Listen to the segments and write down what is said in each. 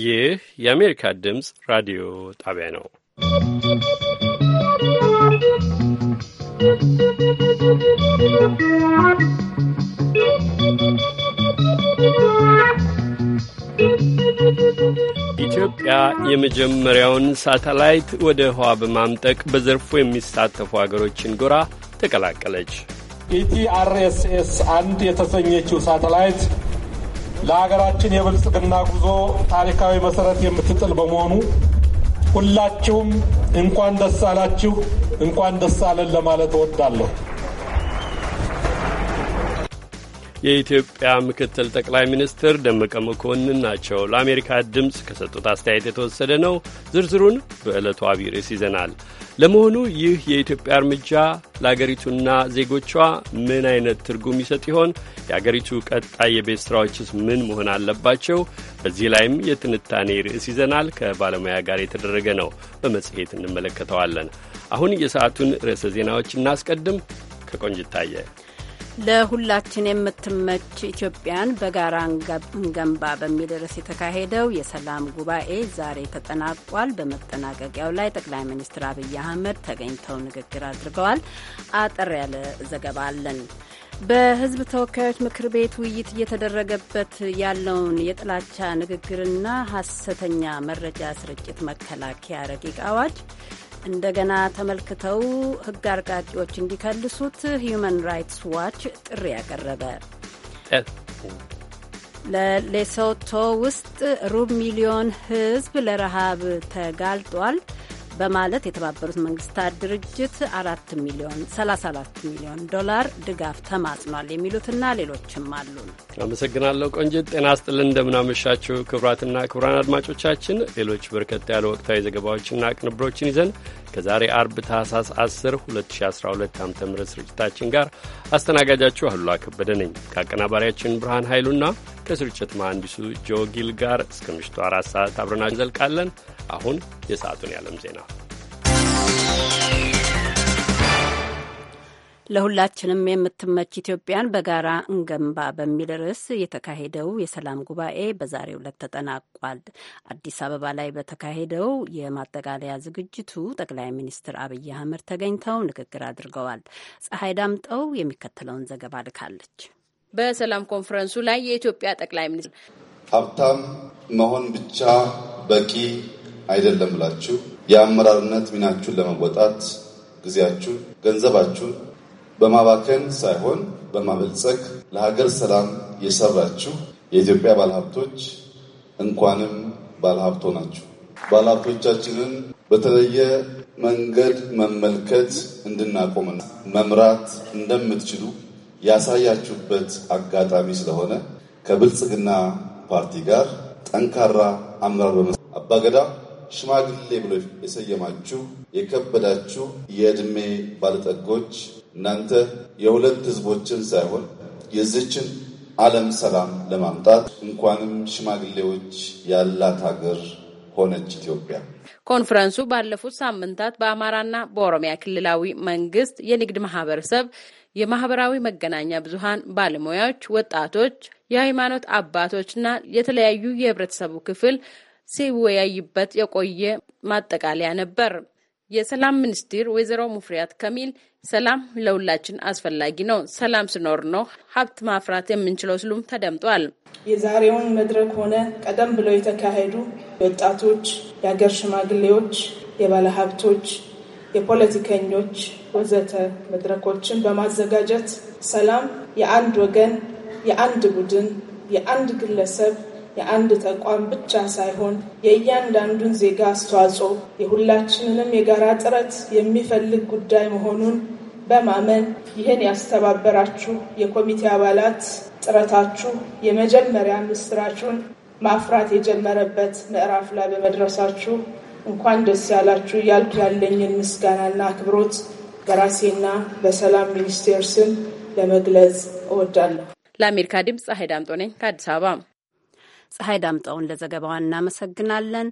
ይህ የአሜሪካ ድምፅ ራዲዮ ጣቢያ ነው። ኢትዮጵያ የመጀመሪያውን ሳተላይት ወደ ህዋ በማምጠቅ በዘርፉ የሚሳተፉ አገሮችን ጎራ ተቀላቀለች። ኢቲአርኤስኤስ አንድ የተሰኘችው ሳተላይት ለሀገራችን የብልጽግና ጉዞ ታሪካዊ መሰረት የምትጥል በመሆኑ ሁላችሁም እንኳን ደስ አላችሁ፣ እንኳን ደስ አለን ለማለት እወዳለሁ። የኢትዮጵያ ምክትል ጠቅላይ ሚኒስትር ደመቀ መኮንን ናቸው። ለአሜሪካ ድምፅ ከሰጡት አስተያየት የተወሰደ ነው። ዝርዝሩን በዕለቱ አብይ ርዕስ ይዘናል። ለመሆኑ ይህ የኢትዮጵያ እርምጃ ለአገሪቱና ዜጎቿ ምን አይነት ትርጉም ይሰጥ ይሆን? የአገሪቱ ቀጣይ የቤት ስራዎችስ ምን መሆን አለባቸው? በዚህ ላይም የትንታኔ ርዕስ ይዘናል። ከባለሙያ ጋር የተደረገ ነው። በመጽሔት እንመለከተዋለን። አሁን የሰዓቱን ርዕሰ ዜናዎች እናስቀድም። ከቆንጅታየ ለሁላችን የምትመች ኢትዮጵያን በጋራ እንገንባ በሚል ርዕስ የተካሄደው የሰላም ጉባኤ ዛሬ ተጠናቋል። በመጠናቀቂያው ላይ ጠቅላይ ሚኒስትር አብይ አህመድ ተገኝተው ንግግር አድርገዋል። አጠር ያለ ዘገባ አለን። በሕዝብ ተወካዮች ምክር ቤት ውይይት እየተደረገበት ያለውን የጥላቻ ንግግርና ሐሰተኛ መረጃ ስርጭት መከላከያ ረቂቅ አዋጅ እንደገና ተመልክተው ሕግ አርቃቂዎች እንዲከልሱት ሂዩማን ራይትስ ዋች ጥሪ ያቀረበ ለሌሶቶ ውስጥ ሩብ ሚሊዮን ሕዝብ ለረሃብ ተጋልጧል። በማለት የተባበሩት መንግስታት ድርጅት አራት ሚሊዮን 34 ሚሊዮን ዶላር ድጋፍ ተማጽኗል። የሚሉትና ሌሎችም አሉ። አመሰግናለሁ ቆንጅት። ጤና ስጥልን፣ እንደምናመሻችሁ ክቡራትና ክቡራን አድማጮቻችን ሌሎች በርከት ያለ ወቅታዊ ዘገባዎችና ቅንብሮችን ይዘን ከዛሬ አርብ ታህሳስ 10 2012 ዓ ም ስርጭታችን ጋር አስተናጋጃችሁ አሉላ ከበደ ነኝ ከአቀናባሪያችን ብርሃን ኃይሉና ከስርጭት መሐንዲሱ ጆጊል ጋር እስከ ምሽቱ አራት ሰዓት አብረና እንዘልቃለን። አሁን የሰዓቱን የዓለም ዜና ለሁላችንም የምትመች ኢትዮጵያን በጋራ እንገንባ በሚል ርዕስ የተካሄደው የሰላም ጉባኤ በዛሬው ዕለት ተጠናቋል። አዲስ አበባ ላይ በተካሄደው የማጠቃለያ ዝግጅቱ ጠቅላይ ሚኒስትር አብይ አህመድ ተገኝተው ንግግር አድርገዋል። ፀሐይ ዳምጠው የሚከተለውን ዘገባ ልካለች። በሰላም ኮንፈረንሱ ላይ የኢትዮጵያ ጠቅላይ ሚኒስትር ሀብታም መሆን ብቻ በቂ አይደለም ብላችሁ የአመራርነት ሚናችሁን ለመወጣት ጊዜያችሁን፣ ገንዘባችሁን በማባከን ሳይሆን በማበልጸግ ለሀገር ሰላም የሰራችሁ የኢትዮጵያ ባለሀብቶች እንኳንም ባለሀብቶ ናችሁ። ባለሀብቶቻችንን በተለየ መንገድ መመልከት እንድናቆምና መምራት እንደምትችሉ ያሳያችሁበት አጋጣሚ ስለሆነ ከብልጽግና ፓርቲ ጋር ጠንካራ አመራር በመስ አባገዳ ሽማግሌ ብሎ የሰየማችሁ የከበዳችሁ የዕድሜ ባለጠጎች እናንተ የሁለት ህዝቦችን ሳይሆን የዚችን ዓለም ሰላም ለማምጣት እንኳንም ሽማግሌዎች ያላት ሀገር ሆነች ኢትዮጵያ። ኮንፈረንሱ ባለፉት ሳምንታት በአማራና በኦሮሚያ ክልላዊ መንግስት የንግድ ማህበረሰብ፣ የማህበራዊ መገናኛ ብዙሃን ባለሙያዎች፣ ወጣቶች፣ የሃይማኖት አባቶችና የተለያዩ የህብረተሰቡ ክፍል ሲወያይበት የቆየ ማጠቃለያ ነበር። የሰላም ሚኒስትር ወይዘሮ ሙፍሪያት ከሚል ሰላም ለሁላችን አስፈላጊ ነው፣ ሰላም ሲኖር ነው ሀብት ማፍራት የምንችለው ሲሉም ተደምጧል። የዛሬውን መድረክ ሆነ ቀደም ብለው የተካሄዱ ወጣቶች፣ የሀገር ሽማግሌዎች፣ የባለሀብቶች፣ የፖለቲከኞች ወዘተ መድረኮችን በማዘጋጀት ሰላም የአንድ ወገን፣ የአንድ ቡድን፣ የአንድ ግለሰብ የአንድ ተቋም ብቻ ሳይሆን የእያንዳንዱን ዜጋ አስተዋጽኦ የሁላችንንም የጋራ ጥረት የሚፈልግ ጉዳይ መሆኑን በማመን ይህን ያስተባበራችሁ የኮሚቴ አባላት ጥረታችሁ የመጀመሪያ ምስራችሁን ማፍራት የጀመረበት ምዕራፍ ላይ በመድረሳችሁ እንኳን ደስ ያላችሁ እያልኩ ያለኝን ምስጋናና አክብሮት በራሴና በሰላም ሚኒስቴር ስም ለመግለጽ እወዳለሁ። ለአሜሪካ ድምፅ ፀሐይ ዳምጦ ነኝ ከአዲስ አበባ። ፀሐይ ዳምጠውን ለዘገባዋ እናመሰግናለን።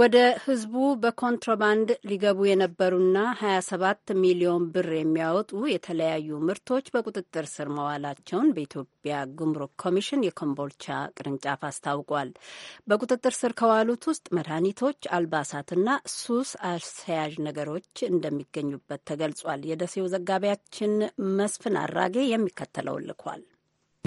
ወደ ህዝቡ በኮንትሮባንድ ሊገቡ የነበሩና 27 ሚሊዮን ብር የሚያወጡ የተለያዩ ምርቶች በቁጥጥር ስር መዋላቸውን በኢትዮጵያ ጉምሩክ ኮሚሽን የኮምቦልቻ ቅርንጫፍ አስታውቋል። በቁጥጥር ስር ከዋሉት ውስጥ መድኃኒቶች፣ አልባሳትና ሱስ አስያዥ ነገሮች እንደሚገኙበት ተገልጿል። የደሴው ዘጋቢያችን መስፍን አራጌ የሚከተለውን ልኳል።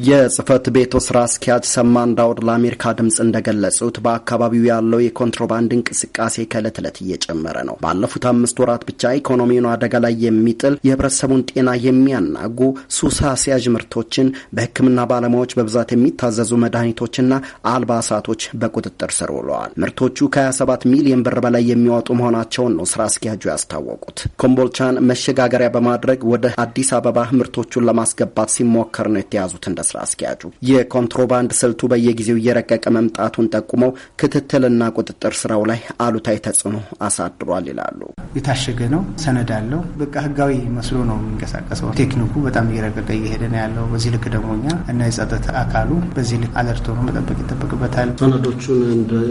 የጽህፈት ቤቱ ስራ አስኪያጅ ሰማ እንዳውድ ለአሜሪካ ድምፅ እንደገለጹት በአካባቢው ያለው የኮንትሮባንድ እንቅስቃሴ ከዕለት ዕለት እየጨመረ ነው። ባለፉት አምስት ወራት ብቻ ኢኮኖሚውን አደጋ ላይ የሚጥል የህብረተሰቡን ጤና የሚያናጉ ሱስ አስያዥ ምርቶችን፣ በህክምና ባለሙያዎች በብዛት የሚታዘዙ መድኃኒቶችና አልባሳቶች በቁጥጥር ስር ውለዋል። ምርቶቹ ከ27 ሚሊዮን ብር በላይ የሚያወጡ መሆናቸውን ነው ስራ አስኪያጁ ያስታወቁት። ኮምቦልቻን መሸጋገሪያ በማድረግ ወደ አዲስ አበባ ምርቶቹን ለማስገባት ሲሞከር ነው የተያዙት እንደ ስራ አስኪያጁ የኮንትሮባንድ ስልቱ በየጊዜው እየረቀቀ መምጣቱን ጠቁመው ክትትልና ቁጥጥር ስራው ላይ አሉታዊ ተጽዕኖ አሳድሯል ይላሉ። የታሸገ ነው፣ ሰነድ አለው፣ በቃ ህጋዊ መስሎ ነው የሚንቀሳቀሰው። ቴክኒኩ በጣም እየረቀቀ እየሄደ ነው ያለው። በዚህ ልክ ደግሞ እኛ እና የጸጥታ አካሉ በዚህ ልክ አለርቶ ነው መጠበቅ ይጠበቅበታል። ሰነዶቹን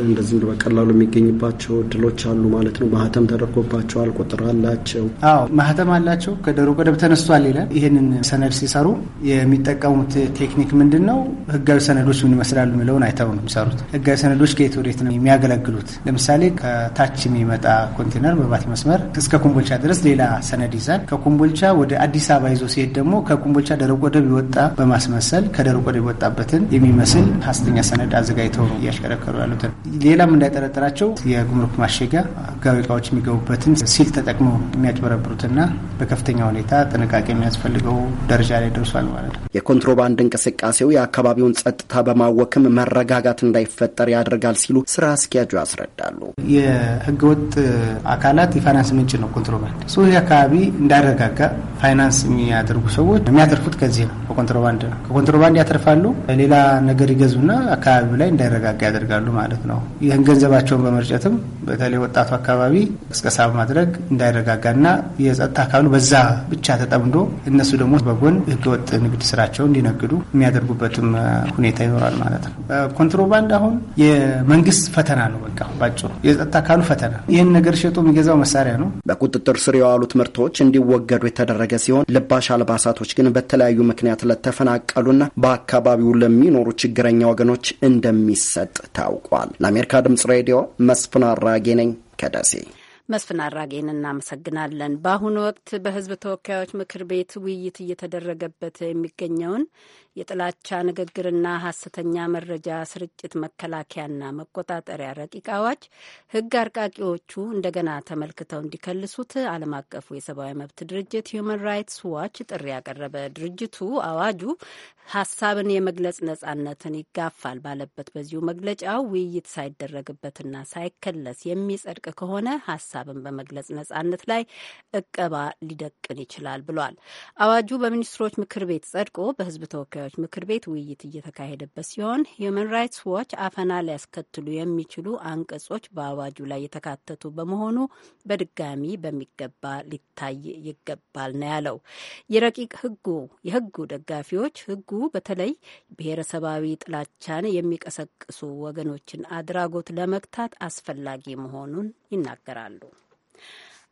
እንደዚህ በቀላሉ የሚገኝባቸው እድሎች አሉ ማለት ነው። ማህተም ተደርጎባቸዋል፣ ቁጥር አላቸው። አዎ ማህተም አላቸው። ከደሮ ቀደብ ተነስቷል ይላል። ይህንን ሰነድ ሲሰሩ የሚጠቀሙት ቴክኒክ ምንድን ነው? ህጋዊ ሰነዶች ምን ይመስላሉ የሚለውን አይተው ነው የሚሰሩት። ህጋዊ ሰነዶች ከየት ወዴት ነው የሚያገለግሉት? ለምሳሌ ከታች የሚመጣ ኮንቴነር በባቲ መስመር እስከ ኮምቦልቻ ድረስ ሌላ ሰነድ ይዛል። ከኮምቦልቻ ወደ አዲስ አበባ ይዞ ሲሄድ ደግሞ ከኮምቦልቻ ደረቅ ወደብ ይወጣ በማስመሰል ከደረቅ ወደብ ይወጣበትን የሚመስል ሀሰተኛ ሰነድ አዘጋጅተው ነው እያሽከረከሩ ያሉት። ሌላም እንዳይጠረጠራቸው የጉምሩክ ማሸጊያ ህጋዊ እቃዎች የሚገቡበትን ሲል ተጠቅመው የሚያጭበረብሩትና በከፍተኛ ሁኔታ ጥንቃቄ የሚያስፈልገው ደረጃ ላይ ደርሷል ማለት ነው። የኮንትሮባንድ እንቅስቃሴው የአካባቢውን ጸጥታ በማወክም መረጋጋት እንዳይፈጠር ያደርጋል ሲሉ ስራ አስኪያጁ ያስረዳሉ። የህገወጥ አካላት የፋይናንስ ምንጭ ነው ኮንትሮባንድ። ሶ ይህ አካባቢ እንዳይረጋጋ ፋይናንስ የሚያደርጉ ሰዎች የሚያተርፉት ከዚህ ነው፣ ከኮንትሮባንድ ነው። ከኮንትሮባንድ ያተርፋሉ፣ ሌላ ነገር ይገዙና አካባቢው ላይ እንዳይረጋጋ ያደርጋሉ ማለት ነው። ይህን ገንዘባቸውን በመርጨትም በተለይ ወጣቱ አካባቢ ቅስቀሳ በማድረግ እንዳይረጋጋና የጸጥታ አካሉ በዛ ብቻ ተጠምዶ እነሱ ደግሞ በጎን ህገወጥ ንግድ ስራቸው እንዲነግዱ የሚያደርጉበትም ሁኔታ ይኖራል ማለት ነው። ኮንትሮባንድ አሁን የመንግስት ፈተና ነው። በቃ ባጭሩ የጸጥታ አካሉ ፈተና። ይህን ነገር ሸጦ የሚገዛው መሳሪያ ነው። በቁጥጥር ስር የዋሉት ምርቶች እንዲወገዱ የተደረገ ሲሆን ልባሽ አልባሳቶች ግን በተለያዩ ምክንያት ለተፈናቀሉና በአካባቢው ለሚኖሩ ችግረኛ ወገኖች እንደሚሰጥ ታውቋል። ለአሜሪካ ድምጽ ሬዲዮ መስፍን አራጌ ነኝ ከደሴ መስፍን አራጌን እናመሰግናለን። በአሁኑ ወቅት በህዝብ ተወካዮች ምክር ቤት ውይይት እየተደረገበት የሚገኘውን የጥላቻ ንግግርና ሐሰተኛ መረጃ ስርጭት መከላከያና መቆጣጠሪያ ረቂቅ አዋጅ ህግ አርቃቂዎቹ እንደገና ተመልክተው እንዲከልሱት ዓለም አቀፉ የሰብአዊ መብት ድርጅት ሂዩማን ራይትስ ዋች ጥሪ ያቀረበ ድርጅቱ አዋጁ ሀሳብን የመግለጽ ነጻነትን ይጋፋል ባለበት በዚሁ መግለጫው ውይይት ሳይደረግበትና ሳይከለስ የሚጸድቅ ከሆነ ሀሳብ ሀሳብን በመግለጽ ነጻነት ላይ እቀባ ሊደቅን ይችላል ብሏል። አዋጁ በሚኒስትሮች ምክር ቤት ጸድቆ በህዝብ ተወካዮች ምክር ቤት ውይይት እየተካሄደበት ሲሆን ሂዩማን ራይትስ ዋች አፈና ሊያስከትሉ የሚችሉ አንቀጾች በአዋጁ ላይ የተካተቱ በመሆኑ በድጋሚ በሚገባ ሊታይ ይገባል ነው ያለው። የረቂቅ ህጉ የህጉ ደጋፊዎች ህጉ በተለይ ብሔረሰባዊ ጥላቻን የሚቀሰቅሱ ወገኖችን አድራጎት ለመግታት አስፈላጊ መሆኑን ይናገራሉ።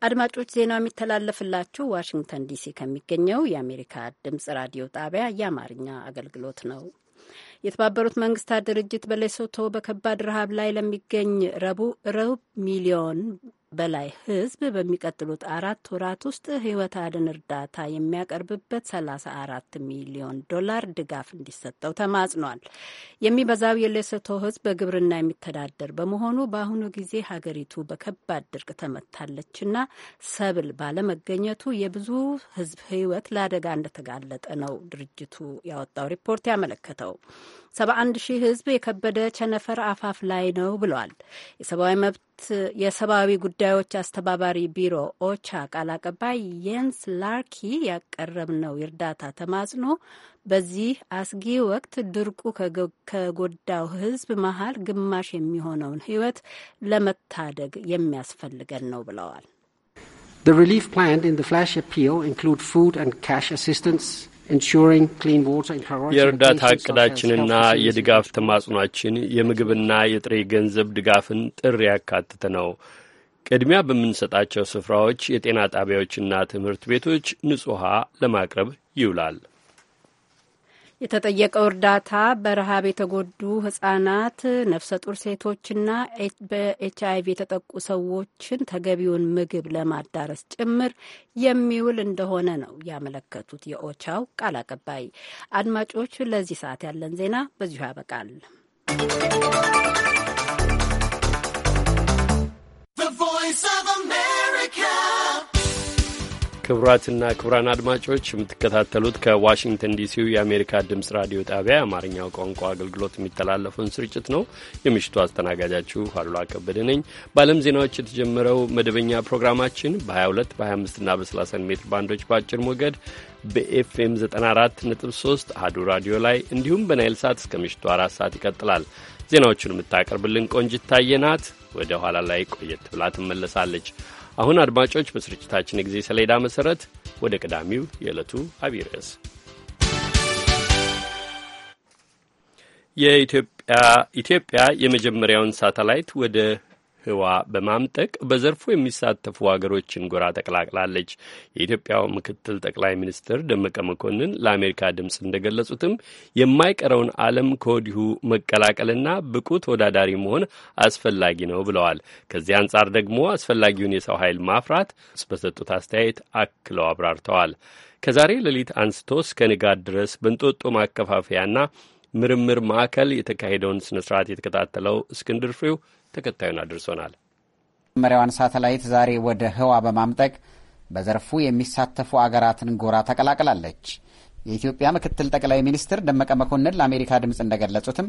አድማጮች ዜናው የሚተላለፍላችሁ ዋሽንግተን ዲሲ ከሚገኘው የአሜሪካ ድምጽ ራዲዮ ጣቢያ የአማርኛ አገልግሎት ነው። የተባበሩት መንግስታት ድርጅት በሌሶቶ በከባድ ረሃብ ላይ ለሚገኝ ረቡዕ ሚሊዮን በላይ ህዝብ በሚቀጥሉት አራት ወራት ውስጥ ህይወት አድን እርዳታ የሚያቀርብበት 34 ሚሊዮን ዶላር ድጋፍ እንዲሰጠው ተማጽኗል። የሚበዛው የሌሶቶ ህዝብ በግብርና የሚተዳደር በመሆኑ በአሁኑ ጊዜ ሀገሪቱ በከባድ ድርቅ ተመታለችና ሰብል ባለመገኘቱ የብዙ ህዝብ ህይወት ለአደጋ እንደተጋለጠ ነው ድርጅቱ ያወጣው ሪፖርት ያመለከተው። 71 ሺህ ህዝብ የከበደ ቸነፈር አፋፍ ላይ ነው ብሏል። የሰብአዊ መብት የሰብአዊ ጉዳዮች አስተባባሪ ቢሮ ኦቻ ቃል አቀባይ የንስ ላርኪ ያቀረብነው የእርዳታ ተማጽኖ በዚህ አስጊ ወቅት ድርቁ ከጎዳው ህዝብ መሀል ግማሽ የሚሆነውን ህይወት ለመታደግ የሚያስፈልገን ነው ብለዋል። The relief planned in the flash appeal include food and cash assistance. የእርዳታ እቅዳችንና የድጋፍ ተማጽኗችን የምግብና የጥሬ ገንዘብ ድጋፍን ጥሪ ያካትተ ነው። ቅድሚያ በምንሰጣቸው ስፍራዎች የጤና ጣቢያዎችና ትምህርት ቤቶች ንጹህ ውሃ ለማቅረብ ይውላል። የተጠየቀው እርዳታ በረሃብ የተጎዱ ህጻናት፣ ነፍሰ ጡር ሴቶችና በኤች አይቪ የተጠቁ ሰዎችን ተገቢውን ምግብ ለማዳረስ ጭምር የሚውል እንደሆነ ነው ያመለከቱት የኦቻው ቃል አቀባይ። አድማጮች፣ ለዚህ ሰዓት ያለን ዜና በዚሁ ያበቃል። ክቡራትና ክቡራን አድማጮች የምትከታተሉት ከዋሽንግተን ዲሲው የአሜሪካ ድምፅ ራዲዮ ጣቢያ የአማርኛው ቋንቋ አገልግሎት የሚተላለፈውን ስርጭት ነው። የምሽቱ አስተናጋጃችሁ አሉላ ከበደ ነኝ። በዓለም ዜናዎች የተጀመረው መደበኛ ፕሮግራማችን በ22 በ25ና በ30 ሜትር ባንዶች በአጭር ሞገድ በኤፍኤም 94.3 አህዱ ራዲዮ ላይ እንዲሁም በናይል ሳት እስከ ምሽቱ አራት ሰዓት ይቀጥላል። ዜናዎቹን የምታቀርብልን ቆንጅት ታየናት። ወደ ኋላ ላይ ቆየት ብላ ትመለሳለች። አሁን አድማጮች፣ በስርጭታችን ጊዜ ሰሌዳ መሠረት ወደ ቀዳሚው የዕለቱ አብይ ርዕስ የኢትዮጵያ የመጀመሪያውን ሳተላይት ወደ ህዋ በማምጠቅ በዘርፉ የሚሳተፉ ሀገሮችን ጎራ ተቀላቅላለች። የኢትዮጵያው ምክትል ጠቅላይ ሚኒስትር ደመቀ መኮንን ለአሜሪካ ድምፅ እንደገለጹትም የማይቀረውን ዓለም ከወዲሁ መቀላቀልና ብቁ ተወዳዳሪ መሆን አስፈላጊ ነው ብለዋል። ከዚህ አንጻር ደግሞ አስፈላጊውን የሰው ኃይል ማፍራት በሰጡት አስተያየት አክለው አብራርተዋል። ከዛሬ ሌሊት አንስቶ እስከ ንጋት ድረስ በእንጦጦ ማከፋፈያና ምርምር ማዕከል የተካሄደውን ስነ ስርዓት የተከታተለው እስክንድር ፍሬው ተከታዩን አድርሶናል። መጀመሪያዋን ሳተላይት ዛሬ ወደ ህዋ በማምጠቅ በዘርፉ የሚሳተፉ አገራትን ጎራ ተቀላቅላለች። የኢትዮጵያ ምክትል ጠቅላይ ሚኒስትር ደመቀ መኮንን ለአሜሪካ ድምፅ እንደገለጹትም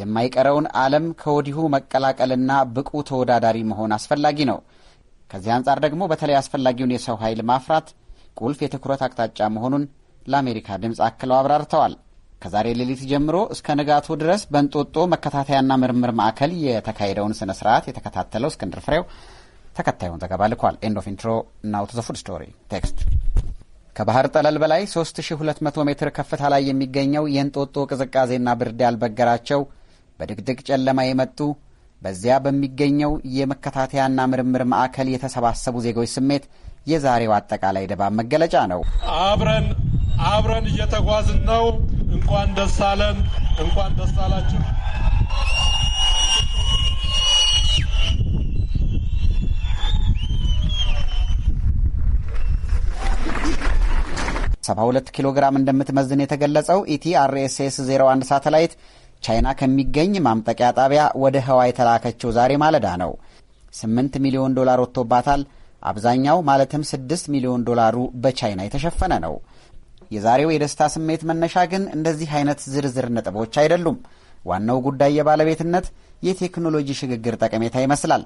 የማይቀረውን ዓለም ከወዲሁ መቀላቀልና ብቁ ተወዳዳሪ መሆን አስፈላጊ ነው። ከዚህ አንጻር ደግሞ በተለይ አስፈላጊውን የሰው ኃይል ማፍራት ቁልፍ የትኩረት አቅጣጫ መሆኑን ለአሜሪካ ድምፅ አክለው አብራርተዋል። ከዛሬ ሌሊት ጀምሮ እስከ ንጋቱ ድረስ በእንጦጦ መከታተያና ምርምር ማዕከል የተካሄደውን ስነ ስርዓት የተከታተለው እስክንድር ፍሬው ተከታዩን ዘገባ ልኳል። ኤንድ ኦፍ ኢንትሮ ናው ቱ ዘ ፉድ ስቶሪ ቴክስት። ከባህር ጠለል በላይ 3200 ሜትር ከፍታ ላይ የሚገኘው የእንጦጦ ቅዝቃዜና ብርድ ያልበገራቸው በድቅድቅ ጨለማ የመጡ በዚያ በሚገኘው የመከታተያና ምርምር ማዕከል የተሰባሰቡ ዜጎች ስሜት የዛሬው አጠቃላይ ድባብ መገለጫ ነው። አብረን አብረን እየተጓዝን ነው። እንኳን ደስ አለን፣ እንኳን ደስ አላችሁ። ሰባ ሁለት ኪሎ ግራም እንደምትመዝን የተገለጸው ኢቲአርኤስኤስ 01 ሳተላይት ቻይና ከሚገኝ ማምጠቂያ ጣቢያ ወደ ህዋ የተላከችው ዛሬ ማለዳ ነው። 8 ሚሊዮን ዶላር ወጥቶባታል። አብዛኛው ማለትም ስድስት ሚሊዮን ዶላሩ በቻይና የተሸፈነ ነው። የዛሬው የደስታ ስሜት መነሻ ግን እንደዚህ አይነት ዝርዝር ነጥቦች አይደሉም። ዋናው ጉዳይ የባለቤትነት የቴክኖሎጂ ሽግግር ጠቀሜታ ይመስላል።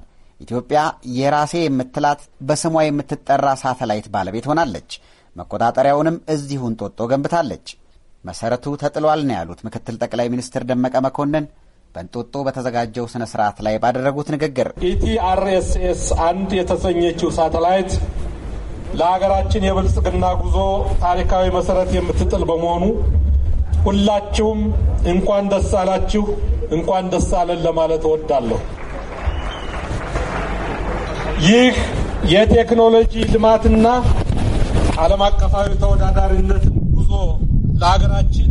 ኢትዮጵያ የራሴ የምትላት በስሟ የምትጠራ ሳተላይት ባለቤት ሆናለች። መቆጣጠሪያውንም እዚሁ እንጦጦ ገንብታለች። መሰረቱ ተጥሏል ነው ያሉት ምክትል ጠቅላይ ሚኒስትር ደመቀ መኮንን በእንጦጦ በተዘጋጀው ስነ ስርዓት ላይ ባደረጉት ንግግር ኢቲአርኤስኤስ አንድ የተሰኘችው ሳተላይት ለሀገራችን የብልጽግና ጉዞ ታሪካዊ መሰረት የምትጥል በመሆኑ ሁላችሁም እንኳን ደስ አላችሁ፣ እንኳን ደስ አለን ለማለት እወዳለሁ። ይህ የቴክኖሎጂ ልማትና ዓለም አቀፋዊ ተወዳዳሪነት ። ጉዞ ለሀገራችን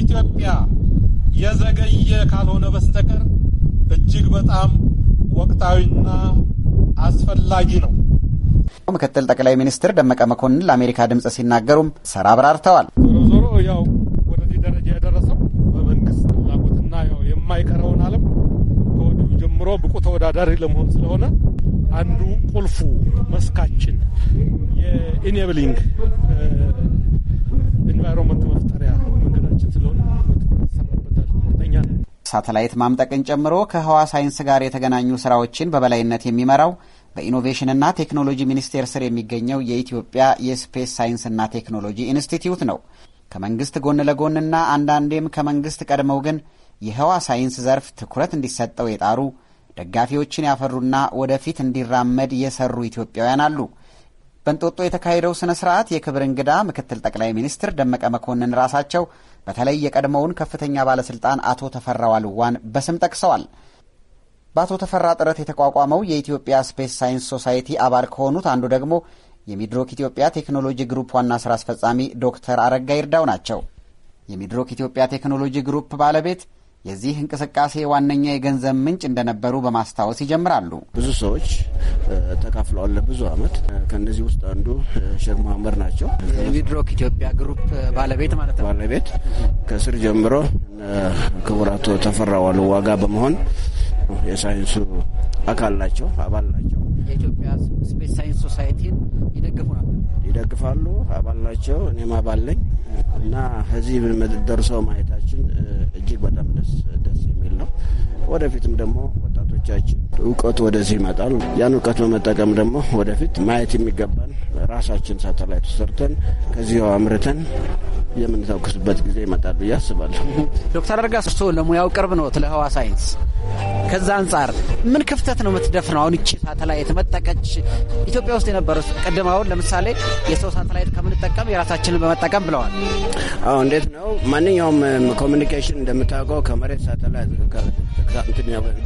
ኢትዮጵያ የዘገየ ካልሆነ በስተቀር እጅግ በጣም ወቅታዊና አስፈላጊ ነው። ምክትል ጠቅላይ ሚኒስትር ደመቀ መኮንን ለአሜሪካ ድምፅ ሲናገሩም ሰራ አብራርተዋል። ዞሮ ዞሮ ያው ወደዚህ ደረጃ የደረሰው በመንግስት ፍላጎትና ያው የማይቀረውን ዓለም ከወዲሁ ጀምሮ ብቁ ተወዳዳሪ ለመሆን ስለሆነ አንዱ ቁልፉ መስካችን የኢኔብሊንግ ኢንቫይሮንመንት መፍጠሪያ መንገዳችን ስለሆነ ሳተላይት ማምጠቅን ጨምሮ ከህዋ ሳይንስ ጋር የተገናኙ ስራዎችን በበላይነት የሚመራው በኢኖቬሽንና ቴክኖሎጂ ሚኒስቴር ስር የሚገኘው የኢትዮጵያ የስፔስ ሳይንስና ቴክኖሎጂ ኢንስቲትዩት ነው። ከመንግስት ጎን ለጎንና አንዳንዴም ከመንግስት ቀድመው ግን የህዋ ሳይንስ ዘርፍ ትኩረት እንዲሰጠው የጣሩ ደጋፊዎችን ያፈሩና ወደፊት እንዲራመድ የሰሩ ኢትዮጵያውያን አሉ። በእንጦጦ የተካሄደው ስነ ስርዓት የክብር እንግዳ ምክትል ጠቅላይ ሚኒስትር ደመቀ መኮንን ራሳቸው በተለይ የቀድሞውን ከፍተኛ ባለስልጣን አቶ ተፈራ ዋልዋን በስም ጠቅሰዋል። በአቶ ተፈራ ጥረት የተቋቋመው የኢትዮጵያ ስፔስ ሳይንስ ሶሳይቲ አባል ከሆኑት አንዱ ደግሞ የሚድሮክ ኢትዮጵያ ቴክኖሎጂ ግሩፕ ዋና ስራ አስፈጻሚ ዶክተር አረጋ ይርዳው ናቸው። የሚድሮክ ኢትዮጵያ ቴክኖሎጂ ግሩፕ ባለቤት የዚህ እንቅስቃሴ ዋነኛ የገንዘብ ምንጭ እንደነበሩ በማስታወስ ይጀምራሉ። ብዙ ሰዎች ተካፍለዋል ለብዙ አመት። ከእነዚህ ውስጥ አንዱ ሼክ መሀመድ ናቸው። ቪድሮክ ኢትዮጵያ ግሩፕ ባለቤት ማለት ነው። ባለቤት ከስር ጀምሮ ክቡር አቶ ተፈራ ዋሉ ዋጋ በመሆን የሳይንሱ አካል ናቸው፣ አባል ናቸው። የኢትዮጵያ ስፔስ ሳይንስ ሶሳይቲን ይደግፉ ነበር። ይደግፋሉ። አባል ናቸው። እኔም አባል ነኝ እና እዚህ ደርሰው ማየታችን እጅግ በጣም ደስ ደስ የሚል ነው። ወደፊትም ደግሞ ወጣቶቻችን እውቀቱ ወደዚህ ይመጣል። ያን እውቀት በመጠቀም ደግሞ ወደፊት ማየት የሚገባን ራሳችን ሳተላይት ሰርተን ከዚያው አምርተን የምንተኩስበት ጊዜ ይመጣል ብዬ አስባለሁ። ዶክተር አደርጋስ እርስዎ ለሙያው ቅርብ ነው ለህዋ ሳይንስ ከዛ አንጻር ምን ክፍተት ነው የምትደፍነው? አሁን ይቺ ሳተላይት መጠቀች ኢትዮጵያ ውስጥ የነበረ ቀደም አሁን ለምሳሌ የሰው ሳተላይት ከምንጠቀም የራሳችንን በመጠቀም ብለዋል። አዎ እንዴት ነው ማንኛውም ኮሚኒኬሽን እንደምታውቀው ከመሬት ሳተላይት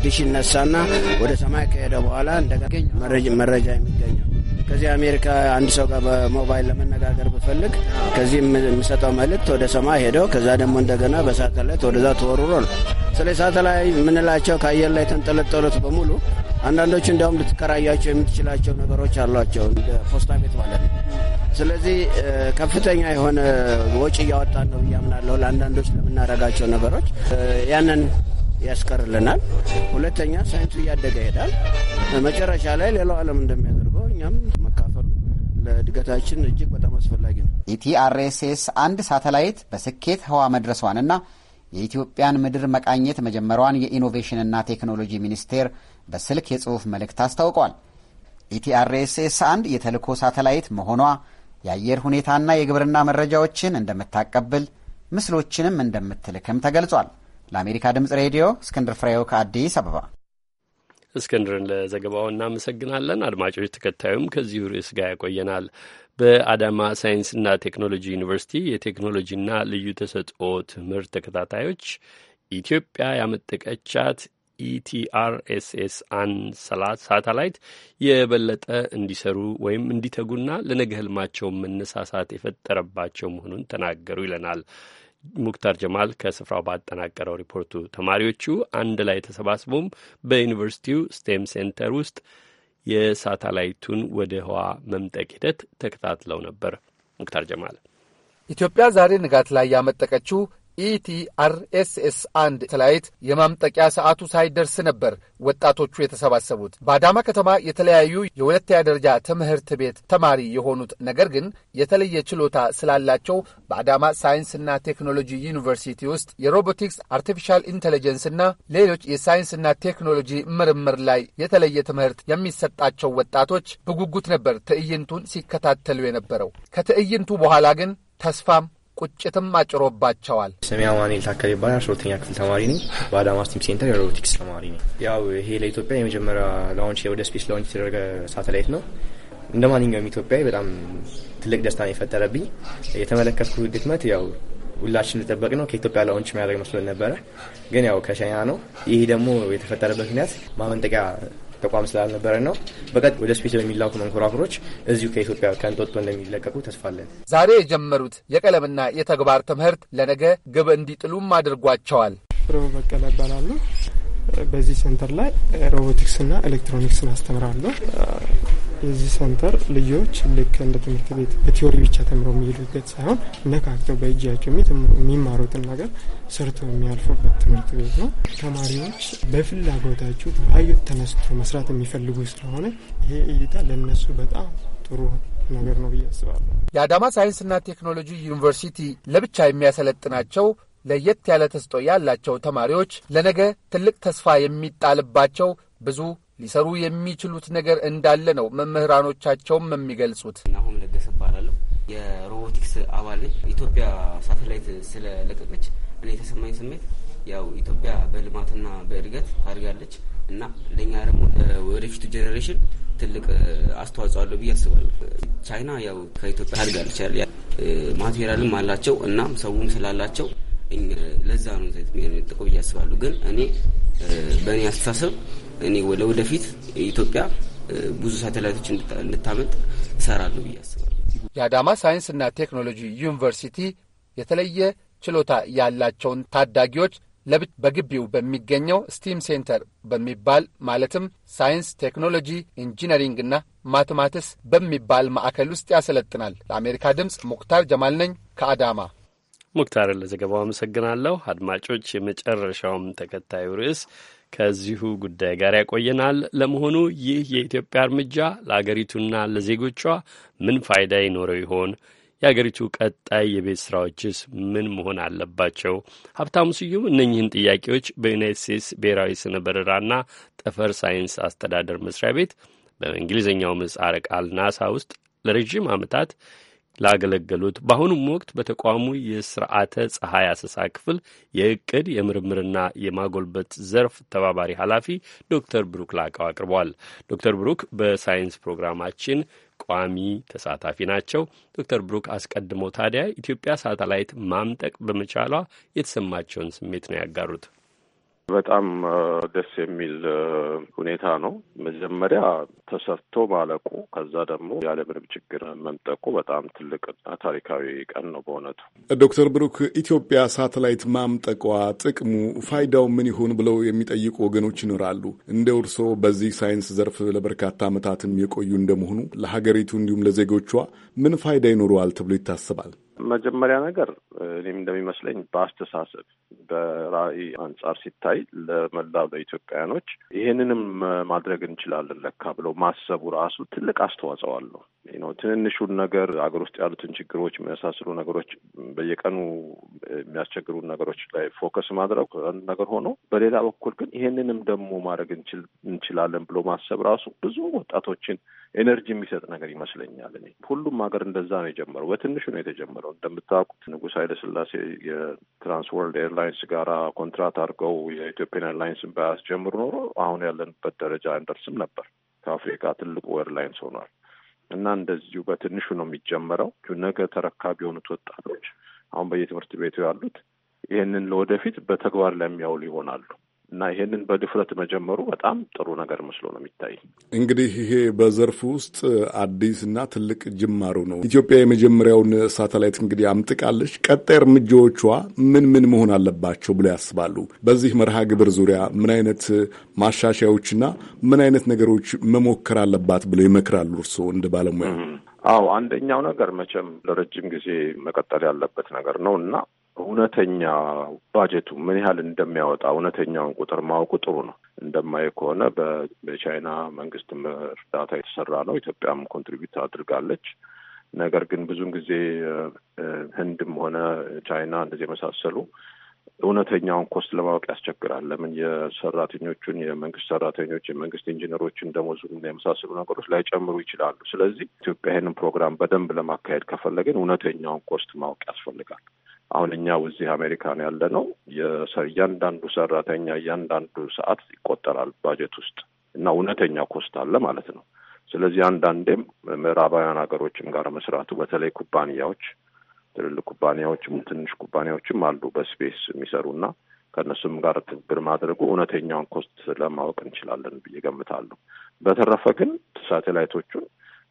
ዲሽ ይነሳና ወደ ሰማይ ከሄደ በኋላ እንደገና መረጃ የሚገኘው ከዚህ አሜሪካ አንድ ሰው ጋር በሞባይል ለመነጋገር ብፈልግ ከዚህ የምሰጠው መልእክት ወደ ሰማይ ሄደው ከዛ ደግሞ እንደገና በሳተላይት ወደዛ ተወርሮ ነው። ስለ ሳተላይ የምንላቸው ከአየር ላይ የተንጠለጠሉት በሙሉ አንዳንዶቹ እንዲያውም ልትከራያቸው የምትችላቸው ነገሮች አሏቸው እንደ ፖስታ ቤት ማለት ነው። ስለዚህ ከፍተኛ የሆነ ወጪ እያወጣን ነው ብዬ አምናለሁ ለአንዳንዶች ለምናደርጋቸው ነገሮች ያንን ያስቀርልናል። ሁለተኛ ሳይንሱ እያደገ ይሄዳል። መጨረሻ ላይ ሌላው ዓለም እንደሚያደርገው እኛም መካፈሉ ለእድገታችን እጅግ በጣም አስፈላጊ ነው። ኢቲአርኤስኤስ አንድ ሳተላይት በስኬት ህዋ መድረሷንና የኢትዮጵያን ምድር መቃኘት መጀመሯን የኢኖቬሽንና ቴክኖሎጂ ሚኒስቴር በስልክ የጽሑፍ መልእክት አስታውቋል። ኢቲአርኤስኤስ አንድ የተልእኮ ሳተላይት መሆኗ የአየር ሁኔታና የግብርና መረጃዎችን እንደምታቀብል ምስሎችንም እንደምትልክም ተገልጿል። ለአሜሪካ ድምፅ ሬዲዮ እስክንድር ፍሬው ከአዲስ አበባ። እስክንድርን ለዘገባው እናመሰግናለን። አድማጮች፣ ተከታዩም ከዚሁ ርዕስ ጋር ያቆየናል። በአዳማ ሳይንስና ቴክኖሎጂ ዩኒቨርሲቲ የቴክኖሎጂና ልዩ ተሰጥኦ ትምህርት ተከታታዮች ኢትዮጵያ ያመጠቀቻት ኢቲአርኤስኤስ አን ሳተላይት የበለጠ እንዲሰሩ ወይም እንዲተጉና ለነገ ህልማቸው መነሳሳት የፈጠረባቸው መሆኑን ተናገሩ ይለናል ሙክታር ጀማል ከስፍራው ባጠናቀረው ሪፖርቱ። ተማሪዎቹ አንድ ላይ ተሰባስበውም በዩኒቨርሲቲው ስቴም ሴንተር ውስጥ የሳተላይቱን ወደ ህዋ መምጠቅ ሂደት ተከታትለው ነበር። ሙክታር ጀማል ኢትዮጵያ ዛሬ ንጋት ላይ ያመጠቀችው ኢቲአርኤስኤስ አንድ ሳተላይት የማምጠቂያ ሰዓቱ ሳይደርስ ነበር ወጣቶቹ የተሰባሰቡት። በአዳማ ከተማ የተለያዩ የሁለተኛ ደረጃ ትምህርት ቤት ተማሪ የሆኑት ነገር ግን የተለየ ችሎታ ስላላቸው በአዳማ ሳይንስና ቴክኖሎጂ ዩኒቨርሲቲ ውስጥ የሮቦቲክስ፣ አርቲፊሻል ኢንቴሊጀንስና ሌሎች የሳይንስና ቴክኖሎጂ ምርምር ላይ የተለየ ትምህርት የሚሰጣቸው ወጣቶች በጉጉት ነበር ትዕይንቱን ሲከታተሉ የነበረው። ከትዕይንቱ በኋላ ግን ተስፋም ቁጭትም አጭሮባቸዋል። ስሜ አማኑኤል ታከል ይባላል። አስራ ሁለተኛ ክፍል ተማሪ ነኝ። በአዳማ ስቲም ሴንተር የሮቦቲክስ ተማሪ ነኝ። ያው ይሄ ለኢትዮጵያ የመጀመሪያ ላውንች ወደ ስፔስ ላውንች የተደረገ ሳተላይት ነው። እንደ ማንኛውም ኢትዮጵያዊ በጣም ትልቅ ነው የፈጠረብኝ የተመለከትኩት ድክመት ያው ሁላችን ልጠበቅ ነው ከኢትዮጵያ ላውንች የሚያደርግ መስሎን ነበረ፣ ግን ያው ከቻይና ነው። ይህ ደግሞ የተፈጠረበት ምክንያት ማመንጠቂያ ተቋም ስላልነበረ ነው። በቀጥ ወደ ስፔስ በሚላኩ መንኮራኩሮች እዚሁ ከኢትዮጵያ ከእንጦጦ እንደሚለቀቁ ተስፋለን። ዛሬ የጀመሩት የቀለምና የተግባር ትምህርት ለነገ ግብ እንዲጥሉም አድርጓቸዋል። ሮብ በቀለ እባላለሁ። በዚህ ሴንተር ላይ ሮቦቲክስና ኤሌክትሮኒክስን አስተምራለሁ። የዚህ ሰንተር ልጆች ልክ እንደ ትምህርት ቤት በቲዮሪ ብቻ ተምረው የሚሄዱበት ሳይሆን ነካክተው በእጃቸው የሚማሩትን ነገር ሰርተው የሚያልፉበት ትምህርት ቤት ነው። ተማሪዎች በፍላጎታቸው ባዩት ተነስቶ መስራት የሚፈልጉ ስለሆነ ይሄ እይታ ለነሱ በጣም ጥሩ ነገር ነው ብዬ አስባለሁ። የአዳማ ሳይንስና ቴክኖሎጂ ዩኒቨርሲቲ ለብቻ የሚያሰለጥናቸው ለየት ያለ ተስጦ ያላቸው ተማሪዎች ለነገ ትልቅ ተስፋ የሚጣልባቸው ብዙ ሊሰሩ የሚችሉት ነገር እንዳለ ነው መምህራኖቻቸውም የሚገልጹት። አሁን ለገሰ እባላለሁ የሮቦቲክስ አባል ነኝ። ኢትዮጵያ ሳተላይት ስለለቀቀች እኔ የተሰማኝ ስሜት ያው ኢትዮጵያ በልማትና በእድገት ታድጋለች እና ለእኛ ደግሞ ወደፊቱ ጄኔሬሽን ትልቅ አስተዋጽኦ አለው ብዬ አስባለሁ። ቻይና ያው ከኢትዮጵያ ታድጋለች ያለ ማቴሪያልም አላቸው እናም ሰውም ስላላቸው ለዛ ነው ጥቁ ብዬ አስባለሁ። ግን እኔ በእኔ አስተሳሰብ እኔ ለወደፊት ኢትዮጵያ ብዙ ሳተላይቶች እንድታመጥ እሰራለሁ ብዬ አስባለሁ። የአዳማ ሳይንስና ቴክኖሎጂ ዩኒቨርሲቲ የተለየ ችሎታ ያላቸውን ታዳጊዎች በግቢው በሚገኘው ስቲም ሴንተር በሚባል ማለትም ሳይንስ፣ ቴክኖሎጂ፣ ኢንጂነሪንግና ማትማትስ በሚባል ማዕከል ውስጥ ያሰለጥናል። ለአሜሪካ ድምፅ ሙክታር ጀማል ነኝ ከአዳማ። ሙክታርን ለዘገባው አመሰግናለሁ። አድማጮች፣ የመጨረሻውም ተከታዩ ርዕስ ከዚሁ ጉዳይ ጋር ያቆየናል። ለመሆኑ ይህ የኢትዮጵያ እርምጃ ለአገሪቱና ለዜጎቿ ምን ፋይዳ ይኖረው ይሆን? የአገሪቱ ቀጣይ የቤት ስራዎችስ ምን መሆን አለባቸው? ሀብታሙ ስዩም እነኚህን ጥያቄዎች በዩናይት ስቴትስ ብሔራዊ ስነ በረራና ጠፈር ሳይንስ አስተዳደር መስሪያ ቤት በእንግሊዝኛው ምህጻረ ቃል ናሳ ውስጥ ለረዥም ዓመታት ላገለገሉት በአሁኑም ወቅት በተቋሙ የስርዓተ ፀሐይ አሰሳ ክፍል የእቅድ የምርምርና የማጎልበት ዘርፍ ተባባሪ ኃላፊ ዶክተር ብሩክ ላቀው አቅርቧል። ዶክተር ብሩክ በሳይንስ ፕሮግራማችን ቋሚ ተሳታፊ ናቸው። ዶክተር ብሩክ አስቀድሞ ታዲያ ኢትዮጵያ ሳተላይት ማምጠቅ በመቻሏ የተሰማቸውን ስሜት ነው ያጋሩት። በጣም ደስ የሚል ሁኔታ ነው። መጀመሪያ ተሰርቶ ማለቁ፣ ከዛ ደግሞ ያለምንም ችግር መምጠቁ በጣም ትልቅና ታሪካዊ ቀን ነው በእውነቱ። ዶክተር ብሩክ ኢትዮጵያ ሳተላይት ማምጠቋ ጥቅሙ፣ ፋይዳው ምን ይሆን ብለው የሚጠይቁ ወገኖች ይኖራሉ። እንደ እርሶ በዚህ ሳይንስ ዘርፍ ለበርካታ ዓመታትም የቆዩ እንደመሆኑ ለሀገሪቱ እንዲሁም ለዜጎቿ ምን ፋይዳ ይኖረዋል ተብሎ ይታሰባል? መጀመሪያ ነገር እኔም እንደሚመስለኝ በአስተሳሰብ በራዕይ አንጻር ሲታይ ለመላው ለኢትዮጵያውያኖች ይሄንንም ማድረግ እንችላለን ለካ ብለው ማሰቡ ራሱ ትልቅ አስተዋጽኦ አለው ነው። ትንንሹን ነገር አገር ውስጥ ያሉትን ችግሮች የሚያሳስሉ ነገሮች፣ በየቀኑ የሚያስቸግሩ ነገሮች ላይ ፎከስ ማድረግ አንድ ነገር ሆኖ፣ በሌላ በኩል ግን ይሄንንም ደግሞ ማድረግ እንችላለን ብሎ ማሰብ ራሱ ብዙ ወጣቶችን ኤነርጂ የሚሰጥ ነገር ይመስለኛል። እኔ ሁሉም ሀገር እንደዛ ነው የጀመረው። በትንሹ ነው የተጀመረው። እንደምታውቁት ንጉሥ ኃይለስላሴ የትራንስ ወርልድ ኤርላይንስ ጋራ ኮንትራት አድርገው የኢትዮጵያን ኤርላይንስን ባያስጀምሩ ኖሮ አሁን ያለንበት ደረጃ አንደርስም ነበር። ከአፍሪካ ትልቁ ኤርላይንስ ሆኗል። እና እንደዚሁ በትንሹ ነው የሚጀመረው። ነገ ተረካቢ የሆኑት ወጣቶች አሁን በየትምህርት ቤቱ ያሉት ይህንን ለወደፊት በተግባር ለሚያውሉ ይሆናሉ። እና ይሄንን በድፍረት መጀመሩ በጣም ጥሩ ነገር መስሎ ነው የሚታይ። እንግዲህ ይሄ በዘርፉ ውስጥ አዲስ እና ትልቅ ጅማሩ ነው። ኢትዮጵያ የመጀመሪያውን ሳተላይት እንግዲህ አምጥቃለች። ቀጣይ እርምጃዎቿ ምን ምን መሆን አለባቸው ብለው ያስባሉ? በዚህ መርሃ ግብር ዙሪያ ምን አይነት ማሻሻያዎችና ምን አይነት ነገሮች መሞከር አለባት ብለው ይመክራሉ እርስዎ እንደ ባለሙያ? አዎ አንደኛው ነገር መቼም ለረጅም ጊዜ መቀጠል ያለበት ነገር ነው እና እውነተኛ ባጀቱ ምን ያህል እንደሚያወጣ እውነተኛውን ቁጥር ማወቁ ጥሩ ነው። እንደማየ ከሆነ በቻይና መንግስትም እርዳታ የተሰራ ነው። ኢትዮጵያም ኮንትሪቢዩት አድርጋለች። ነገር ግን ብዙን ጊዜ ህንድም ሆነ ቻይና እንደዚህ የመሳሰሉ እውነተኛውን ኮስት ለማወቅ ያስቸግራል። ለምን የሰራተኞቹን የመንግስት ሰራተኞች የመንግስት ኢንጂነሮችን ደሞዙን የመሳሰሉ ነገሮች ላይጨምሩ ይችላሉ። ስለዚህ ኢትዮጵያ ይህንን ፕሮግራም በደንብ ለማካሄድ ከፈለግን እውነተኛውን ኮስት ማወቅ ያስፈልጋል። አሁን እኛው እዚህ አሜሪካን ያለ ነው እያንዳንዱ ሰራተኛ እያንዳንዱ ሰዓት ይቆጠራል ባጀት ውስጥ እና እውነተኛ ኮስት አለ ማለት ነው። ስለዚህ አንዳንዴም ምዕራባውያን ሀገሮችም ጋር መስራቱ በተለይ ኩባንያዎች ትልልቅ ኩባንያዎችም ትንሽ ኩባንያዎችም አሉ በስፔስ የሚሰሩና ከእነሱም ጋር ትብብር ማድረጉ እውነተኛውን ኮስት ለማወቅ እንችላለን ብዬ ገምታለሁ። በተረፈ ግን ሳቴላይቶቹን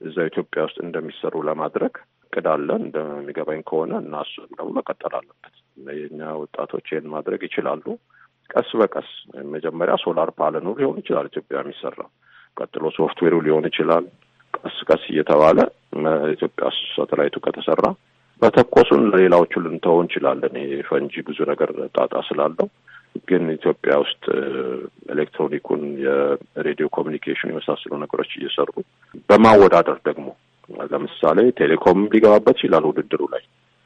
እዛ ኢትዮጵያ ውስጥ እንደሚሰሩ ለማድረግ እቅድ አለን እንደሚገባኝ ከሆነ እና እሱም ደግሞ መቀጠል አለበት። የኛ ወጣቶች ይህን ማድረግ ይችላሉ። ቀስ በቀስ መጀመሪያ ሶላር ፓለኑ ሊሆን ይችላል ኢትዮጵያ የሚሰራ ቀጥሎ ሶፍትዌሩ ሊሆን ይችላል። ቀስ ቀስ እየተባለ ኢትዮጵያ ሳተላይቱ ከተሰራ መተኮሱን ለሌላዎቹ ልንተው እንችላለን። ይሄ ፈንጂ ብዙ ነገር ጣጣ ስላለው ግን ኢትዮጵያ ውስጥ ኤሌክትሮኒኩን፣ የሬዲዮ ኮሚኒኬሽን የመሳሰሉ ነገሮች እየሰሩ በማወዳደር ደግሞ ለምሳሌ ቴሌኮም ሊገባበት ይችላል ውድድሩ ላይ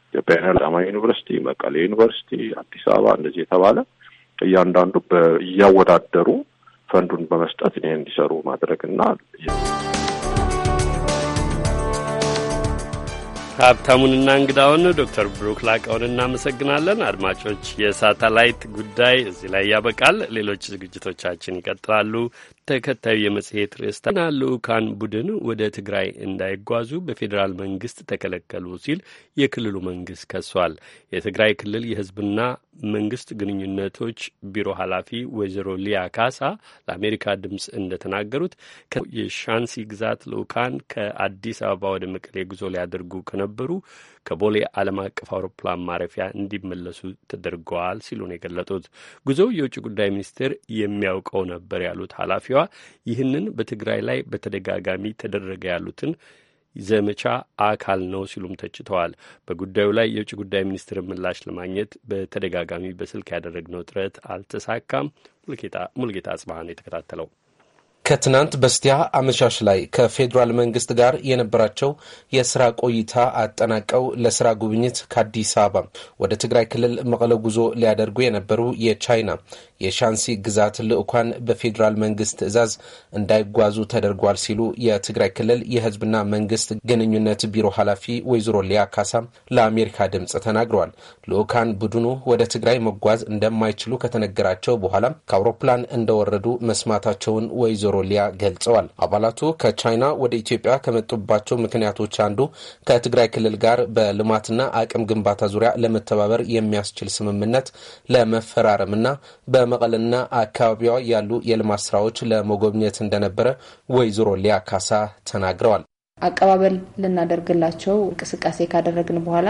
ኢትዮጵያ ዳማ ዩኒቨርሲቲ፣ መቀሌ ዩኒቨርሲቲ፣ አዲስ አበባ እንደዚህ የተባለ እያንዳንዱ እያወዳደሩ ፈንዱን በመስጠት ይህ እንዲሰሩ ማድረግ እና ሀብታሙንና እንግዳውን ዶክተር ብሩክ ላቀውን እናመሰግናለን። አድማጮች፣ የሳተላይት ጉዳይ እዚህ ላይ ያበቃል። ሌሎች ዝግጅቶቻችን ይቀጥላሉ። ተከታዩ የመጽሔት ርዕስታና ልዑካን ቡድን ወደ ትግራይ እንዳይጓዙ በፌዴራል መንግስት ተከለከሉ ሲል የክልሉ መንግስት ከሷል። የትግራይ ክልል የህዝብና መንግስት ግንኙነቶች ቢሮ ኃላፊ ወይዘሮ ሊያ ካሳ ለአሜሪካ ድምፅ እንደተናገሩት የሻንሲ ግዛት ልዑካን ከአዲስ አበባ ወደ መቀሌ ጉዞ ሊያደርጉ ከነበሩ ከቦሌ ዓለም አቀፍ አውሮፕላን ማረፊያ እንዲመለሱ ተደርገዋል ሲሉ ነው የገለጡት። ጉዞው የውጭ ጉዳይ ሚኒስቴር የሚያውቀው ነበር ያሉት ኃላፊዋ ይህንን በትግራይ ላይ በተደጋጋሚ ተደረገ ያሉትን ዘመቻ አካል ነው ሲሉም ተችተዋል። በጉዳዩ ላይ የውጭ ጉዳይ ሚኒስትር ምላሽ ለማግኘት በተደጋጋሚ በስልክ ያደረግነው ጥረት አልተሳካም። ሙልጌታ አጽባሃ ነው የተከታተለው። ከትናንት በስቲያ አመሻሽ ላይ ከፌዴራል መንግስት ጋር የነበራቸው የስራ ቆይታ አጠናቀው ለስራ ጉብኝት ከአዲስ አበባ ወደ ትግራይ ክልል መቀለ ጉዞ ሊያደርጉ የነበሩ የቻይና የሻንሲ ግዛት ልዑካን በፌዴራል መንግስት ትዕዛዝ እንዳይጓዙ ተደርጓል ሲሉ የትግራይ ክልል የህዝብና መንግስት ግንኙነት ቢሮ ኃላፊ ወይዘሮ ሊያ ካሳ ለአሜሪካ ድምፅ ተናግረዋል። ልዑካን ቡድኑ ወደ ትግራይ መጓዝ እንደማይችሉ ከተነገራቸው በኋላ ከአውሮፕላን እንደወረዱ መስማታቸውን ወይዘሮ አሮሊያ ገልጸዋል። አባላቱ ከቻይና ወደ ኢትዮጵያ ከመጡባቸው ምክንያቶች አንዱ ከትግራይ ክልል ጋር በልማትና አቅም ግንባታ ዙሪያ ለመተባበር የሚያስችል ስምምነት ለመፈራረምና በመቀለና አካባቢዋ ያሉ የልማት ስራዎች ለመጎብኘት እንደነበረ ወይዘሮ ሊያ ካሳ ተናግረዋል። አቀባበል ልናደርግላቸው እንቅስቃሴ ካደረግን በኋላ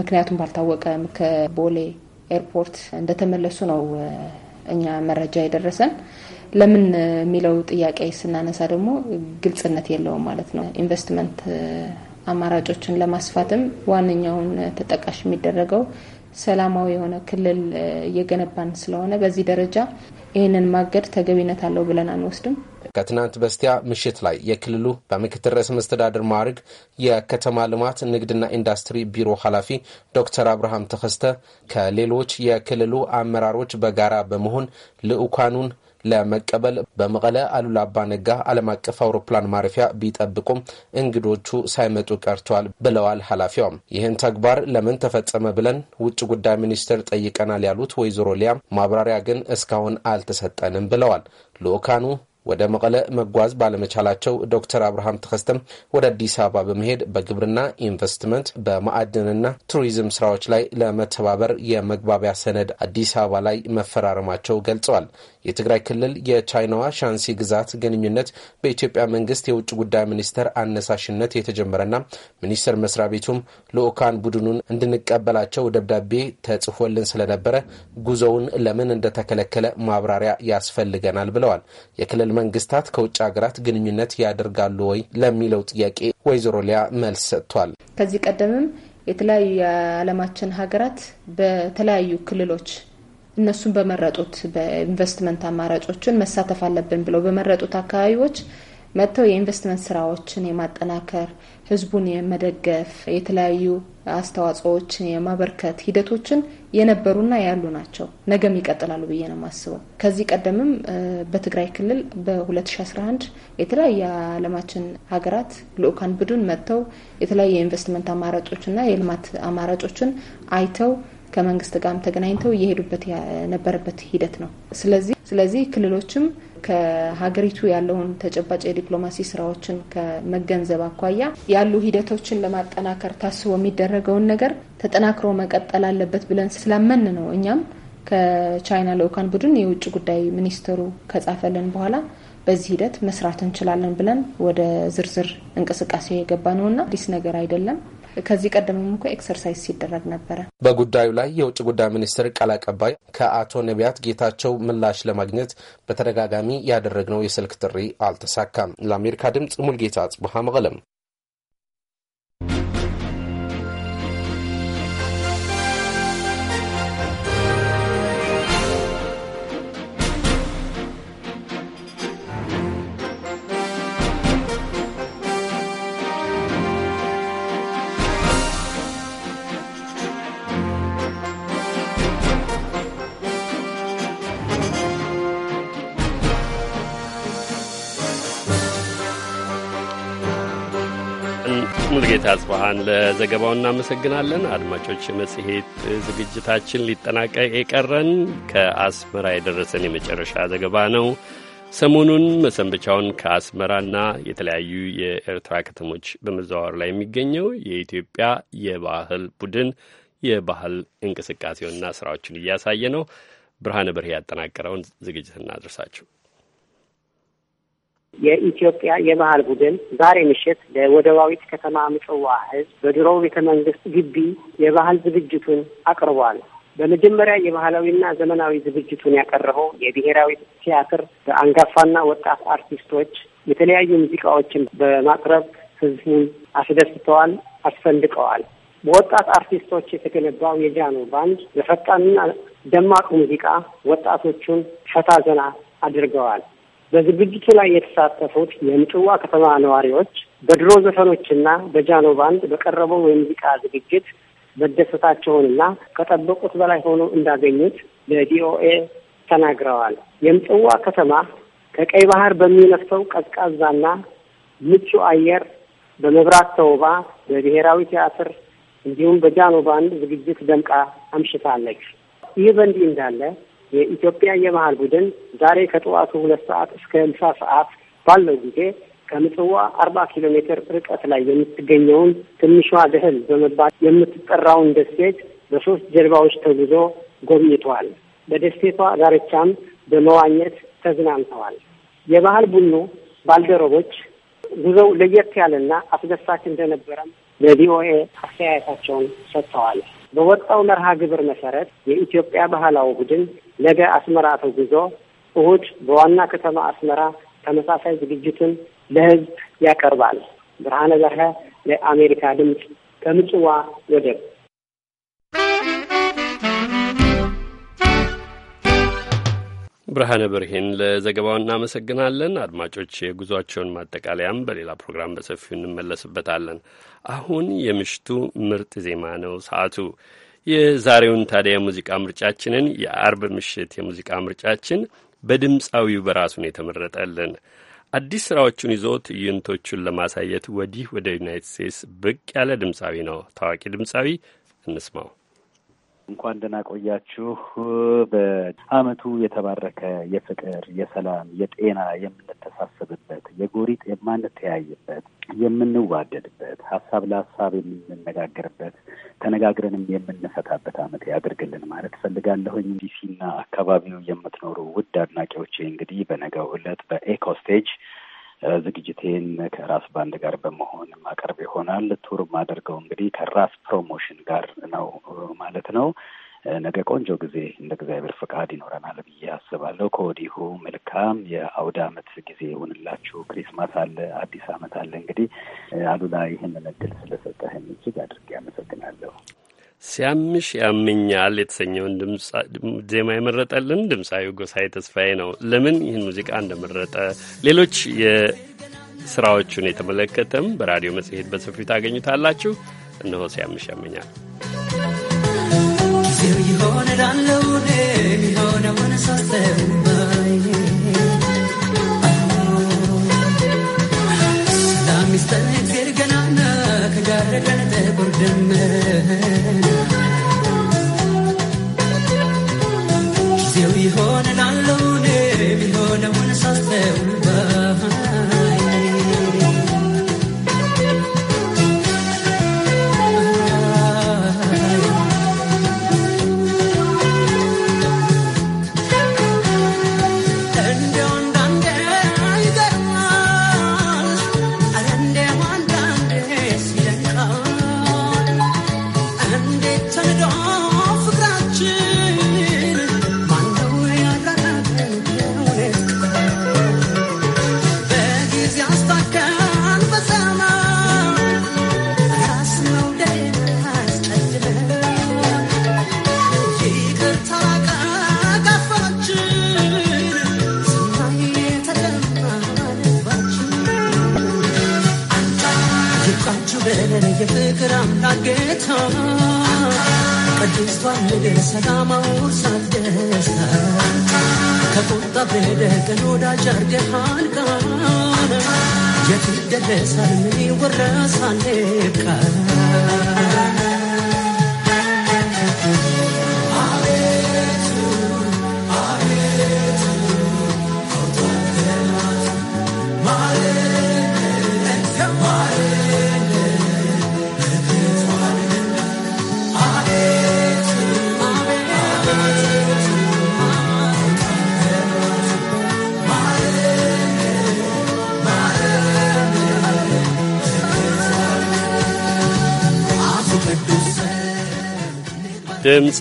ምክንያቱም ባልታወቀ ከቦሌ ኤርፖርት እንደተመለሱ ነው እኛ መረጃ የደረሰን። ለምን የሚለው ጥያቄ ስናነሳ ደግሞ ግልጽነት የለውም ማለት ነው። ኢንቨስትመንት አማራጮችን ለማስፋትም ዋነኛውን ተጠቃሽ የሚደረገው ሰላማዊ የሆነ ክልል እየገነባን ስለሆነ በዚህ ደረጃ ይህንን ማገድ ተገቢነት አለው ብለን አንወስድም። ከትናንት በስቲያ ምሽት ላይ የክልሉ በምክትል ርዕሰ መስተዳድር ማዕረግ የከተማ ልማት ንግድና ኢንዱስትሪ ቢሮ ኃላፊ ዶክተር አብርሃም ተከስተ ከሌሎች የክልሉ አመራሮች በጋራ በመሆን ልዑካኑን ለመቀበል በመቀለ አሉላ አባ ነጋ ዓለም አቀፍ አውሮፕላን ማረፊያ ቢጠብቁም እንግዶቹ ሳይመጡ ቀርተዋል ብለዋል ኃላፊዋም። ይህን ተግባር ለምን ተፈጸመ ብለን ውጭ ጉዳይ ሚኒስትር ጠይቀናል ያሉት ወይዘሮ ሊያ ማብራሪያ ግን እስካሁን አልተሰጠንም ብለዋል። ልኡካኑ ወደ መቀለ መጓዝ ባለመቻላቸው ዶክተር አብርሃም ተከስተም ወደ አዲስ አበባ በመሄድ በግብርና ኢንቨስትመንት፣ በማዕድንና ቱሪዝም ስራዎች ላይ ለመተባበር የመግባቢያ ሰነድ አዲስ አበባ ላይ መፈራረማቸው ገልጸዋል። የትግራይ ክልል የቻይናዋ ሻንሲ ግዛት ግንኙነት በኢትዮጵያ መንግስት የውጭ ጉዳይ ሚኒስቴር አነሳሽነት የተጀመረና ሚኒስቴር መስሪያ ቤቱም ልኡካን ቡድኑን እንድንቀበላቸው ደብዳቤ ተጽፎልን ስለነበረ ጉዞውን ለምን እንደተከለከለ ማብራሪያ ያስፈልገናል ብለዋል። የክልል መንግስታት ከውጭ ሀገራት ግንኙነት ያደርጋሉ ወይ ለሚለው ጥያቄ ወይዘሮ ሊያ መልስ ሰጥቷል። ከዚህ ቀደምም የተለያዩ የዓለማችን ሀገራት በተለያዩ ክልሎች እነሱን በመረጡት በኢንቨስትመንት አማራጮችን መሳተፍ አለብን ብለው በመረጡት አካባቢዎች መጥተው የኢንቨስትመንት ስራዎችን የማጠናከር ህዝቡን የመደገፍ የተለያዩ አስተዋጽኦዎችን የማበርከት ሂደቶችን የነበሩና ያሉ ናቸው። ነገም ይቀጥላሉ ብዬ ነው የማስበው። ከዚህ ቀደምም በትግራይ ክልል በ2011 የተለያየ የዓለማችን ሀገራት ልኡካን ቡድን መጥተው የተለያዩ የኢንቨስትመንት አማራጮችና የልማት አማራጮችን አይተው ከመንግስት ጋርም ተገናኝተው እየሄዱበት የነበረበት ሂደት ነው። ስለዚህ ስለዚህ ክልሎችም ከሀገሪቱ ያለውን ተጨባጭ የዲፕሎማሲ ስራዎችን ከመገንዘብ አኳያ ያሉ ሂደቶችን ለማጠናከር ታስቦ የሚደረገውን ነገር ተጠናክሮ መቀጠል አለበት ብለን ስላመን ነው እኛም ከቻይና ልኡካን ቡድን የውጭ ጉዳይ ሚኒስትሩ ከጻፈልን በኋላ በዚህ ሂደት መስራት እንችላለን ብለን ወደ ዝርዝር እንቅስቃሴ የገባ ነውና አዲስ ነገር አይደለም። ከዚህ ቀደምም እኮ ኤክሰርሳይዝ ሲደረግ ነበረ። በጉዳዩ ላይ የውጭ ጉዳይ ሚኒስትር ቃል አቀባይ ከአቶ ነቢያት ጌታቸው ምላሽ ለማግኘት በተደጋጋሚ ያደረግነው የስልክ ጥሪ አልተሳካም። ለአሜሪካ ድምፅ ሙልጌታ ጽቡሃ መቀለም ሙልጌታ አጽባሃን ለዘገባው እናመሰግናለን። አድማጮች፣ የመጽሔት ዝግጅታችን ሊጠናቀቅ የቀረን ከአስመራ የደረሰን የመጨረሻ ዘገባ ነው። ሰሞኑን መሰንበቻውን ከአስመራና የተለያዩ የኤርትራ ከተሞች በመዘዋወር ላይ የሚገኘው የኢትዮጵያ የባህል ቡድን የባህል እንቅስቃሴውና ስራዎችን እያሳየ ነው። ብርሃነ በርሄ ያጠናቀረውን ዝግጅት እናደርሳችሁ። የኢትዮጵያ የባህል ቡድን ዛሬ ምሽት ለወደባዊት ከተማ ምጽዋ ህዝብ በድሮው ቤተ መንግስት ግቢ የባህል ዝግጅቱን አቅርቧል። በመጀመሪያ የባህላዊና ዘመናዊ ዝግጅቱን ያቀረበው የብሔራዊ ቲያትር በአንጋፋና ወጣት አርቲስቶች የተለያዩ ሙዚቃዎችን በማቅረብ ህዝቡን አስደስተዋል፣ አስፈንድቀዋል። በወጣት አርቲስቶች የተገነባው የጃኖ ባንድ በፈጣንና ደማቅ ሙዚቃ ወጣቶቹን ፈታ ዘና አድርገዋል። በዝግጅቱ ላይ የተሳተፉት የምጽዋ ከተማ ነዋሪዎች በድሮ ዘፈኖችና በጃኖ ባንድ በቀረበው የሙዚቃ ዝግጅት መደሰታቸውንና ከጠበቁት በላይ ሆኖ እንዳገኙት ለቪኦኤ ተናግረዋል። የምጽዋ ከተማ ከቀይ ባህር በሚነፍሰው ቀዝቃዛና ምቹ አየር በመብራት ተውባ በብሔራዊ ቲያትር እንዲሁም በጃኖ ባንድ ዝግጅት ደምቃ አምሽታለች። ይህ በእንዲህ እንዳለ የኢትዮጵያ የባህል ቡድን ዛሬ ከጠዋቱ ሁለት ሰዓት እስከ ምሳ ሰዓት ባለው ጊዜ ከምጽዋ አርባ ኪሎ ሜትር ርቀት ላይ የምትገኘውን ትንሿ ደህል በመባል የምትጠራውን ደሴት በሶስት ጀልባዎች ተጉዞ ጎብኝተዋል። በደሴቷ ዳርቻም በመዋኘት ተዝናንተዋል። የባህል ቡድኑ ባልደረቦች ጉዞው ለየት ያለና አስደሳች እንደነበረም ለቪኦኤ አስተያየታቸውን ሰጥተዋል። በወጣው መርሃ ግብር መሰረት የኢትዮጵያ ባህላዊ ቡድን ነገ አስመራ ተጉዞ እሁድ በዋና ከተማ አስመራ ተመሳሳይ ዝግጅትን ለህዝብ ያቀርባል። ብርሃነ በርሀ ለአሜሪካ ድምፅ ከምጽዋ ወደብ ብርሃነ በርሄን ለዘገባው እናመሰግናለን። አድማጮች የጉዟቸውን ማጠቃለያም በሌላ ፕሮግራም በሰፊው እንመለስበታለን። አሁን የምሽቱ ምርጥ ዜማ ነው ሰዓቱ። የዛሬውን ታዲያ የሙዚቃ ምርጫችንን የአርብ ምሽት የሙዚቃ ምርጫችን በድምፃዊው በራሱን የተመረጠልን አዲስ ስራዎቹን ይዞ ትዕይንቶቹን ለማሳየት ወዲህ ወደ ዩናይትድ ስቴትስ ብቅ ያለ ድምፃዊ ነው። ታዋቂ ድምፃዊ እንስማው። እንኳን ደህና ቆያችሁ። በዓመቱ የተባረከ የፍቅር፣ የሰላም፣ የጤና የምንተሳሰብበት፣ የጎሪጥ የማንተያይበት፣ የምንዋደድበት፣ ሀሳብ ለሀሳብ የምንነጋገርበት፣ ተነጋግረንም የምንፈታበት አመት ያድርግልን ማለት እፈልጋለሁኝ። ዲሲና አካባቢው የምትኖሩ ውድ አድናቂዎቼ እንግዲህ በነገው ዕለት በኤኮስቴጅ ዝግጅቴን ከራስ ባንድ ጋር በመሆን ማቀርብ ይሆናል። ቱር ማደርገው እንግዲህ ከራስ ፕሮሞሽን ጋር ነው ማለት ነው። ነገ ቆንጆ ጊዜ እንደ እግዚአብሔር ፈቃድ ይኖረናል ብዬ አስባለሁ። ከወዲሁ መልካም የአውደ ዓመት ጊዜ ይሁንላችሁ። ክሪስማስ አለ፣ አዲስ አመት አለ። እንግዲህ አሉላ ይህንን እድል ስለሰጠህን እጅግ አድርጌ አመሰግናለሁ። ሲያምሽ ያመኛል የተሰኘውን ዜማ የመረጠልን ድምፃዊ ጎሳዬ ተስፋዬ ነው። ለምን ይህን ሙዚቃ እንደመረጠ ሌሎች የስራዎቹን የተመለከተም በራዲዮ መጽሔት በሰፊ ታገኙታላችሁ። እነሆ ሲያምሽ ያመኛል ጊዜው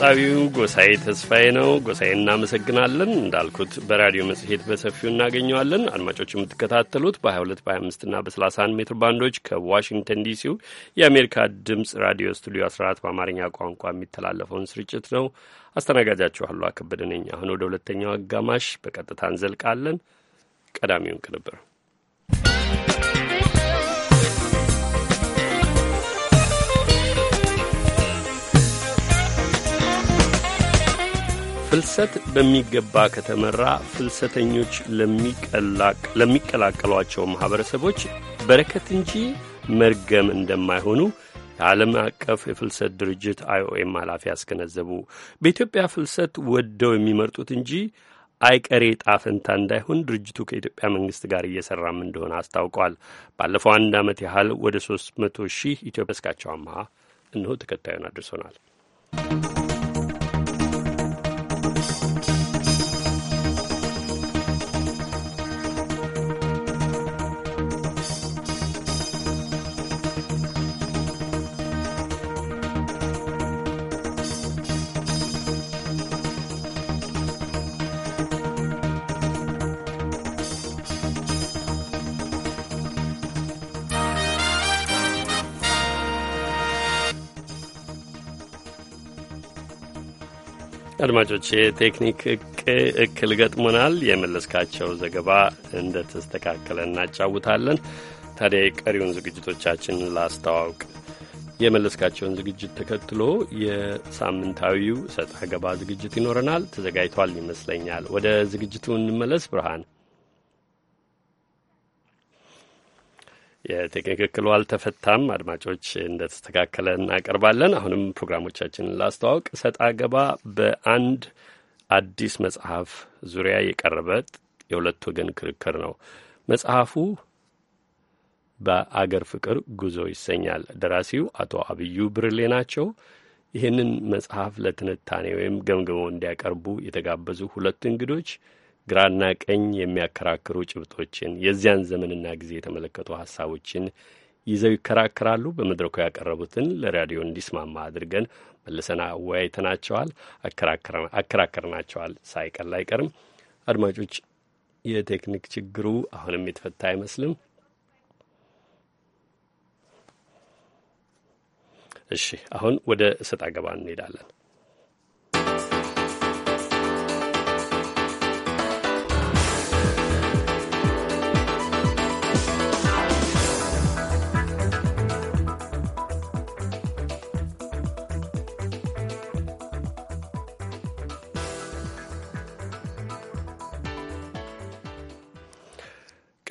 ድምፃዊው ጎሳዬ ተስፋዬ ነው። ጎሳዬ እናመሰግናለን። እንዳልኩት በራዲዮ መጽሔት በሰፊው እናገኘዋለን። አድማጮች የምትከታተሉት በ22 25 እና በ31 ሜትር ባንዶች ከዋሽንግተን ዲሲው የአሜሪካ ድምፅ ራዲዮ ስቱዲዮ 14 በአማርኛ ቋንቋ የሚተላለፈውን ስርጭት ነው። አስተናጋጃችኋሉ አከበደ ነኝ። አሁን ወደ ሁለተኛው አጋማሽ በቀጥታ እንዘልቃለን። ቀዳሚውን ቅንብር ፍልሰት በሚገባ ከተመራ ፍልሰተኞች ለሚቀላቀሏቸው ማኅበረሰቦች በረከት እንጂ መርገም እንደማይሆኑ የዓለም አቀፍ የፍልሰት ድርጅት አይኦኤም ኃላፊ አስገነዘቡ። በኢትዮጵያ ፍልሰት ወደው የሚመርጡት እንጂ አይቀሬ ጣፍንታ እንዳይሆን ድርጅቱ ከኢትዮጵያ መንግስት ጋር እየሰራም እንደሆነ አስታውቋል። ባለፈው አንድ ዓመት ያህል ወደ ሶስት መቶ ሺህ ኢትዮጵያ እስካቸው አመሃ እንሆ ተከታዩን አድርሶናል። አድማጮች የቴክኒክ እክል ገጥሞናል። የመለስካቸው ዘገባ እንደተስተካከለ እናጫውታለን። ታዲያ የቀሪውን ዝግጅቶቻችንን ላስተዋውቅ። የመለስካቸውን ዝግጅት ተከትሎ የሳምንታዊው ሰጣ ገባ ዝግጅት ይኖረናል። ተዘጋጅቷል ይመስለኛል። ወደ ዝግጅቱ እንመለስ። ብርሃን የትክክሉ አልተፈታም። አድማጮች እንደተስተካከለ እናቀርባለን። አሁንም ፕሮግራሞቻችንን ላስተዋውቅ። ሰጣ ገባ በአንድ አዲስ መጽሐፍ ዙሪያ የቀረበ የሁለት ወገን ክርክር ነው። መጽሐፉ በአገር ፍቅር ጉዞ ይሰኛል። ደራሲው አቶ አብዩ ብርሌ ናቸው። ይህንን መጽሐፍ ለትንታኔ ወይም ገምግመው እንዲያቀርቡ የተጋበዙ ሁለት እንግዶች ግራና ቀኝ የሚያከራክሩ ጭብጦችን የዚያን ዘመንና ጊዜ የተመለከቱ ሀሳቦችን ይዘው ይከራከራሉ። በመድረኩ ያቀረቡትን ለራዲዮ እንዲስማማ አድርገን መልሰን አወያይተናቸዋል፣ አከራከርናቸዋል ሳይቀር አይቀርም። አድማጮች፣ የቴክኒክ ችግሩ አሁንም የተፈታ አይመስልም። እሺ፣ አሁን ወደ እሰጥ አገባ እንሄዳለን።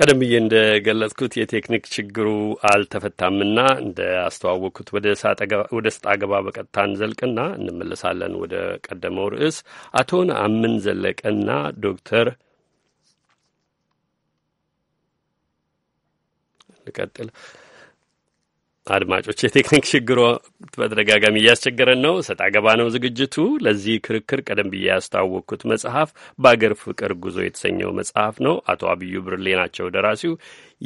ቀደም ብዬ እንደ ገለጽኩት የቴክኒክ ችግሩ አልተፈታምና እንደ አስተዋወቅኩት ወደ ስጥ አገባ በቀጥታ እንዘልቅና እንመለሳለን ወደ ቀደመው ርዕስ። አቶ ነአምን ዘለቀና ዶክተር ልቀጥል አድማጮች የቴክኒክ ችግሮ በተደጋጋሚ እያስቸገረን ነው። ሰጣ ገባ ነው ዝግጅቱ። ለዚህ ክርክር ቀደም ብዬ ያስታወቅኩት መጽሐፍ በአገር ፍቅር ጉዞ የተሰኘው መጽሐፍ ነው። አቶ አብዩ ብርሌ ናቸው ደራሲው።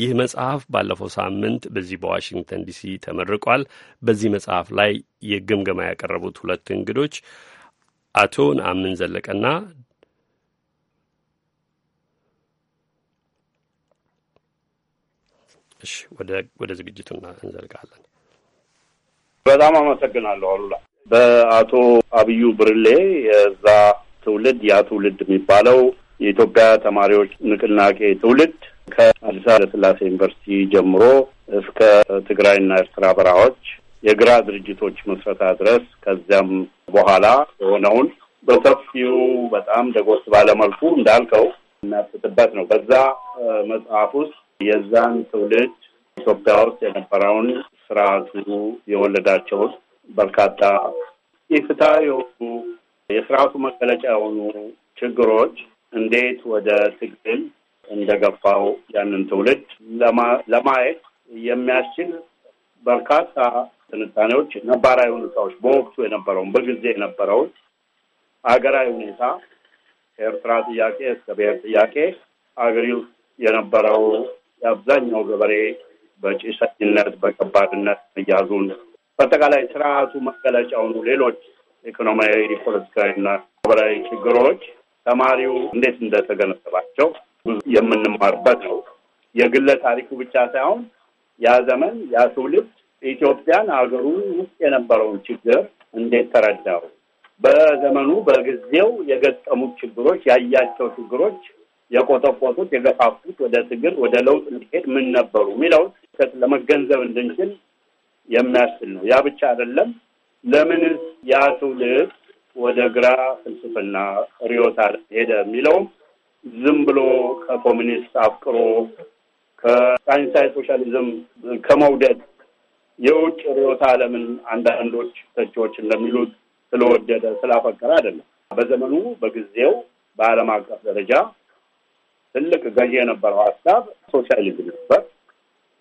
ይህ መጽሐፍ ባለፈው ሳምንት በዚህ በዋሽንግተን ዲሲ ተመርቋል። በዚህ መጽሐፍ ላይ የግምገማ ያቀረቡት ሁለት እንግዶች አቶ ነአምን ዘለቀና እሺ፣ ወደ ዝግጅቱ እንዘልቃለን። በጣም አመሰግናለሁ አሉላ። በአቶ አብዩ ብርሌ የዛ ትውልድ ያ ትውልድ የሚባለው የኢትዮጵያ ተማሪዎች ንቅናቄ ትውልድ ከአዲስ አበባ ለስላሴ ዩኒቨርሲቲ ጀምሮ እስከ ትግራይና ኤርትራ በረሃዎች የግራ ድርጅቶች መስረታ ድረስ ከዚያም በኋላ የሆነውን በሰፊው በጣም ደጎስ ባለመልኩ እንዳልከው የሚያስጥበት ነው። በዛ መጽሐፍ ውስጥ የዛን ትውልድ ኢትዮጵያ ውስጥ የነበረውን ስርዓቱ የወለዳቸውን በርካታ ኢፍትሐዊ የሆኑ የስርዓቱ መገለጫ የሆኑ ችግሮች እንዴት ወደ ትግል እንደገፋው ያንን ትውልድ ለማየት የሚያስችል በርካታ ትንታኔዎች፣ ነባራዊ ሁኔታዎች፣ በወቅቱ የነበረውን በጊዜ የነበረውን ሀገራዊ ሁኔታ ከኤርትራ ጥያቄ እስከ ብሔር ጥያቄ አገሪ ውስጥ የነበረው የአብዛኛው ገበሬ በጭሰኝነት በከባድነት መያዙን በአጠቃላይ ስርዓቱ መገለጫ ሆኑ ሌሎች ኢኮኖሚያዊ፣ ፖለቲካዊና ማህበራዊ ችግሮች ተማሪው እንዴት እንደተገነዘባቸው ብዙ የምንማርበት ነው። የግለ ታሪኩ ብቻ ሳይሆን ያ ዘመን ያ ትውልድ ኢትዮጵያን ሀገሩ ውስጥ የነበረውን ችግር እንዴት ተረዳው፣ በዘመኑ በጊዜው የገጠሙት ችግሮች ያያቸው ችግሮች የቆጠቆጡት የገፋፉት ወደ ትግል ወደ ለውጥ እንዲሄድ ምን ነበሩ የሚለውን ለመገንዘብ እንድንችል የሚያስችል ነው። ያ ብቻ አይደለም። ለምንስ ያ ትውልድ ወደ ግራ ፍልስፍና ርዕዮተ ዓለም ሄደ የሚለውም ዝም ብሎ ከኮሚኒስት አፍቅሮ ከሳይንሳዊ ሶሻሊዝም ከመውደድ የውጭ ርዕዮተ ዓለምን አንዳንዶች ተቺዎች እንደሚሉት ስለወደደ ስላፈቀረ አይደለም። በዘመኑ በጊዜው በዓለም አቀፍ ደረጃ ትልቅ ገዢ የነበረው ሀሳብ ሶሻሊዝም ነበር።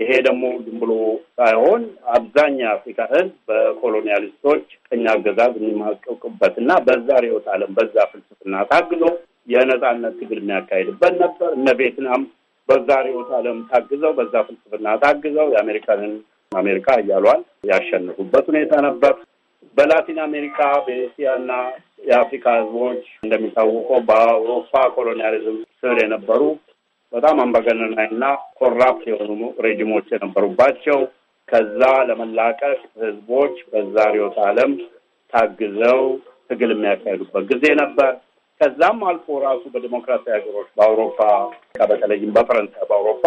ይሄ ደግሞ ዝም ብሎ ሳይሆን አብዛኛው አፍሪካ ሕዝብ በኮሎኒያሊስቶች ቀኝ አገዛዝ የሚማቀቅበት እና በዛ ርዕዮተ ዓለም በዛ ፍልስፍና ታግዞ የነፃነት ትግል የሚያካሄድበት ነበር። እነ ቬትናም በዛ ርዕዮተ ዓለም ታግዘው በዛ ፍልስፍና ታግዘው የአሜሪካንን አሜሪካ እያሏል ያሸንፉበት ሁኔታ ነበር። በላቲን አሜሪካ በኤስያ እና የአፍሪካ ህዝቦች እንደሚታወቀው በአውሮፓ ኮሎኒያሊዝም ስር የነበሩ በጣም አምባገነናይና ኮራፕት የሆኑ ሬጂሞች የነበሩባቸው ከዛ ለመላቀቅ ህዝቦች በዛ ርዕዮተ ዓለም ታግዘው ትግል የሚያካሄዱበት ጊዜ ነበር። ከዛም አልፎ ራሱ በዲሞክራሲያዊ ሀገሮች በአውሮፓ በተለይም በፈረንሳይ በአውሮፓ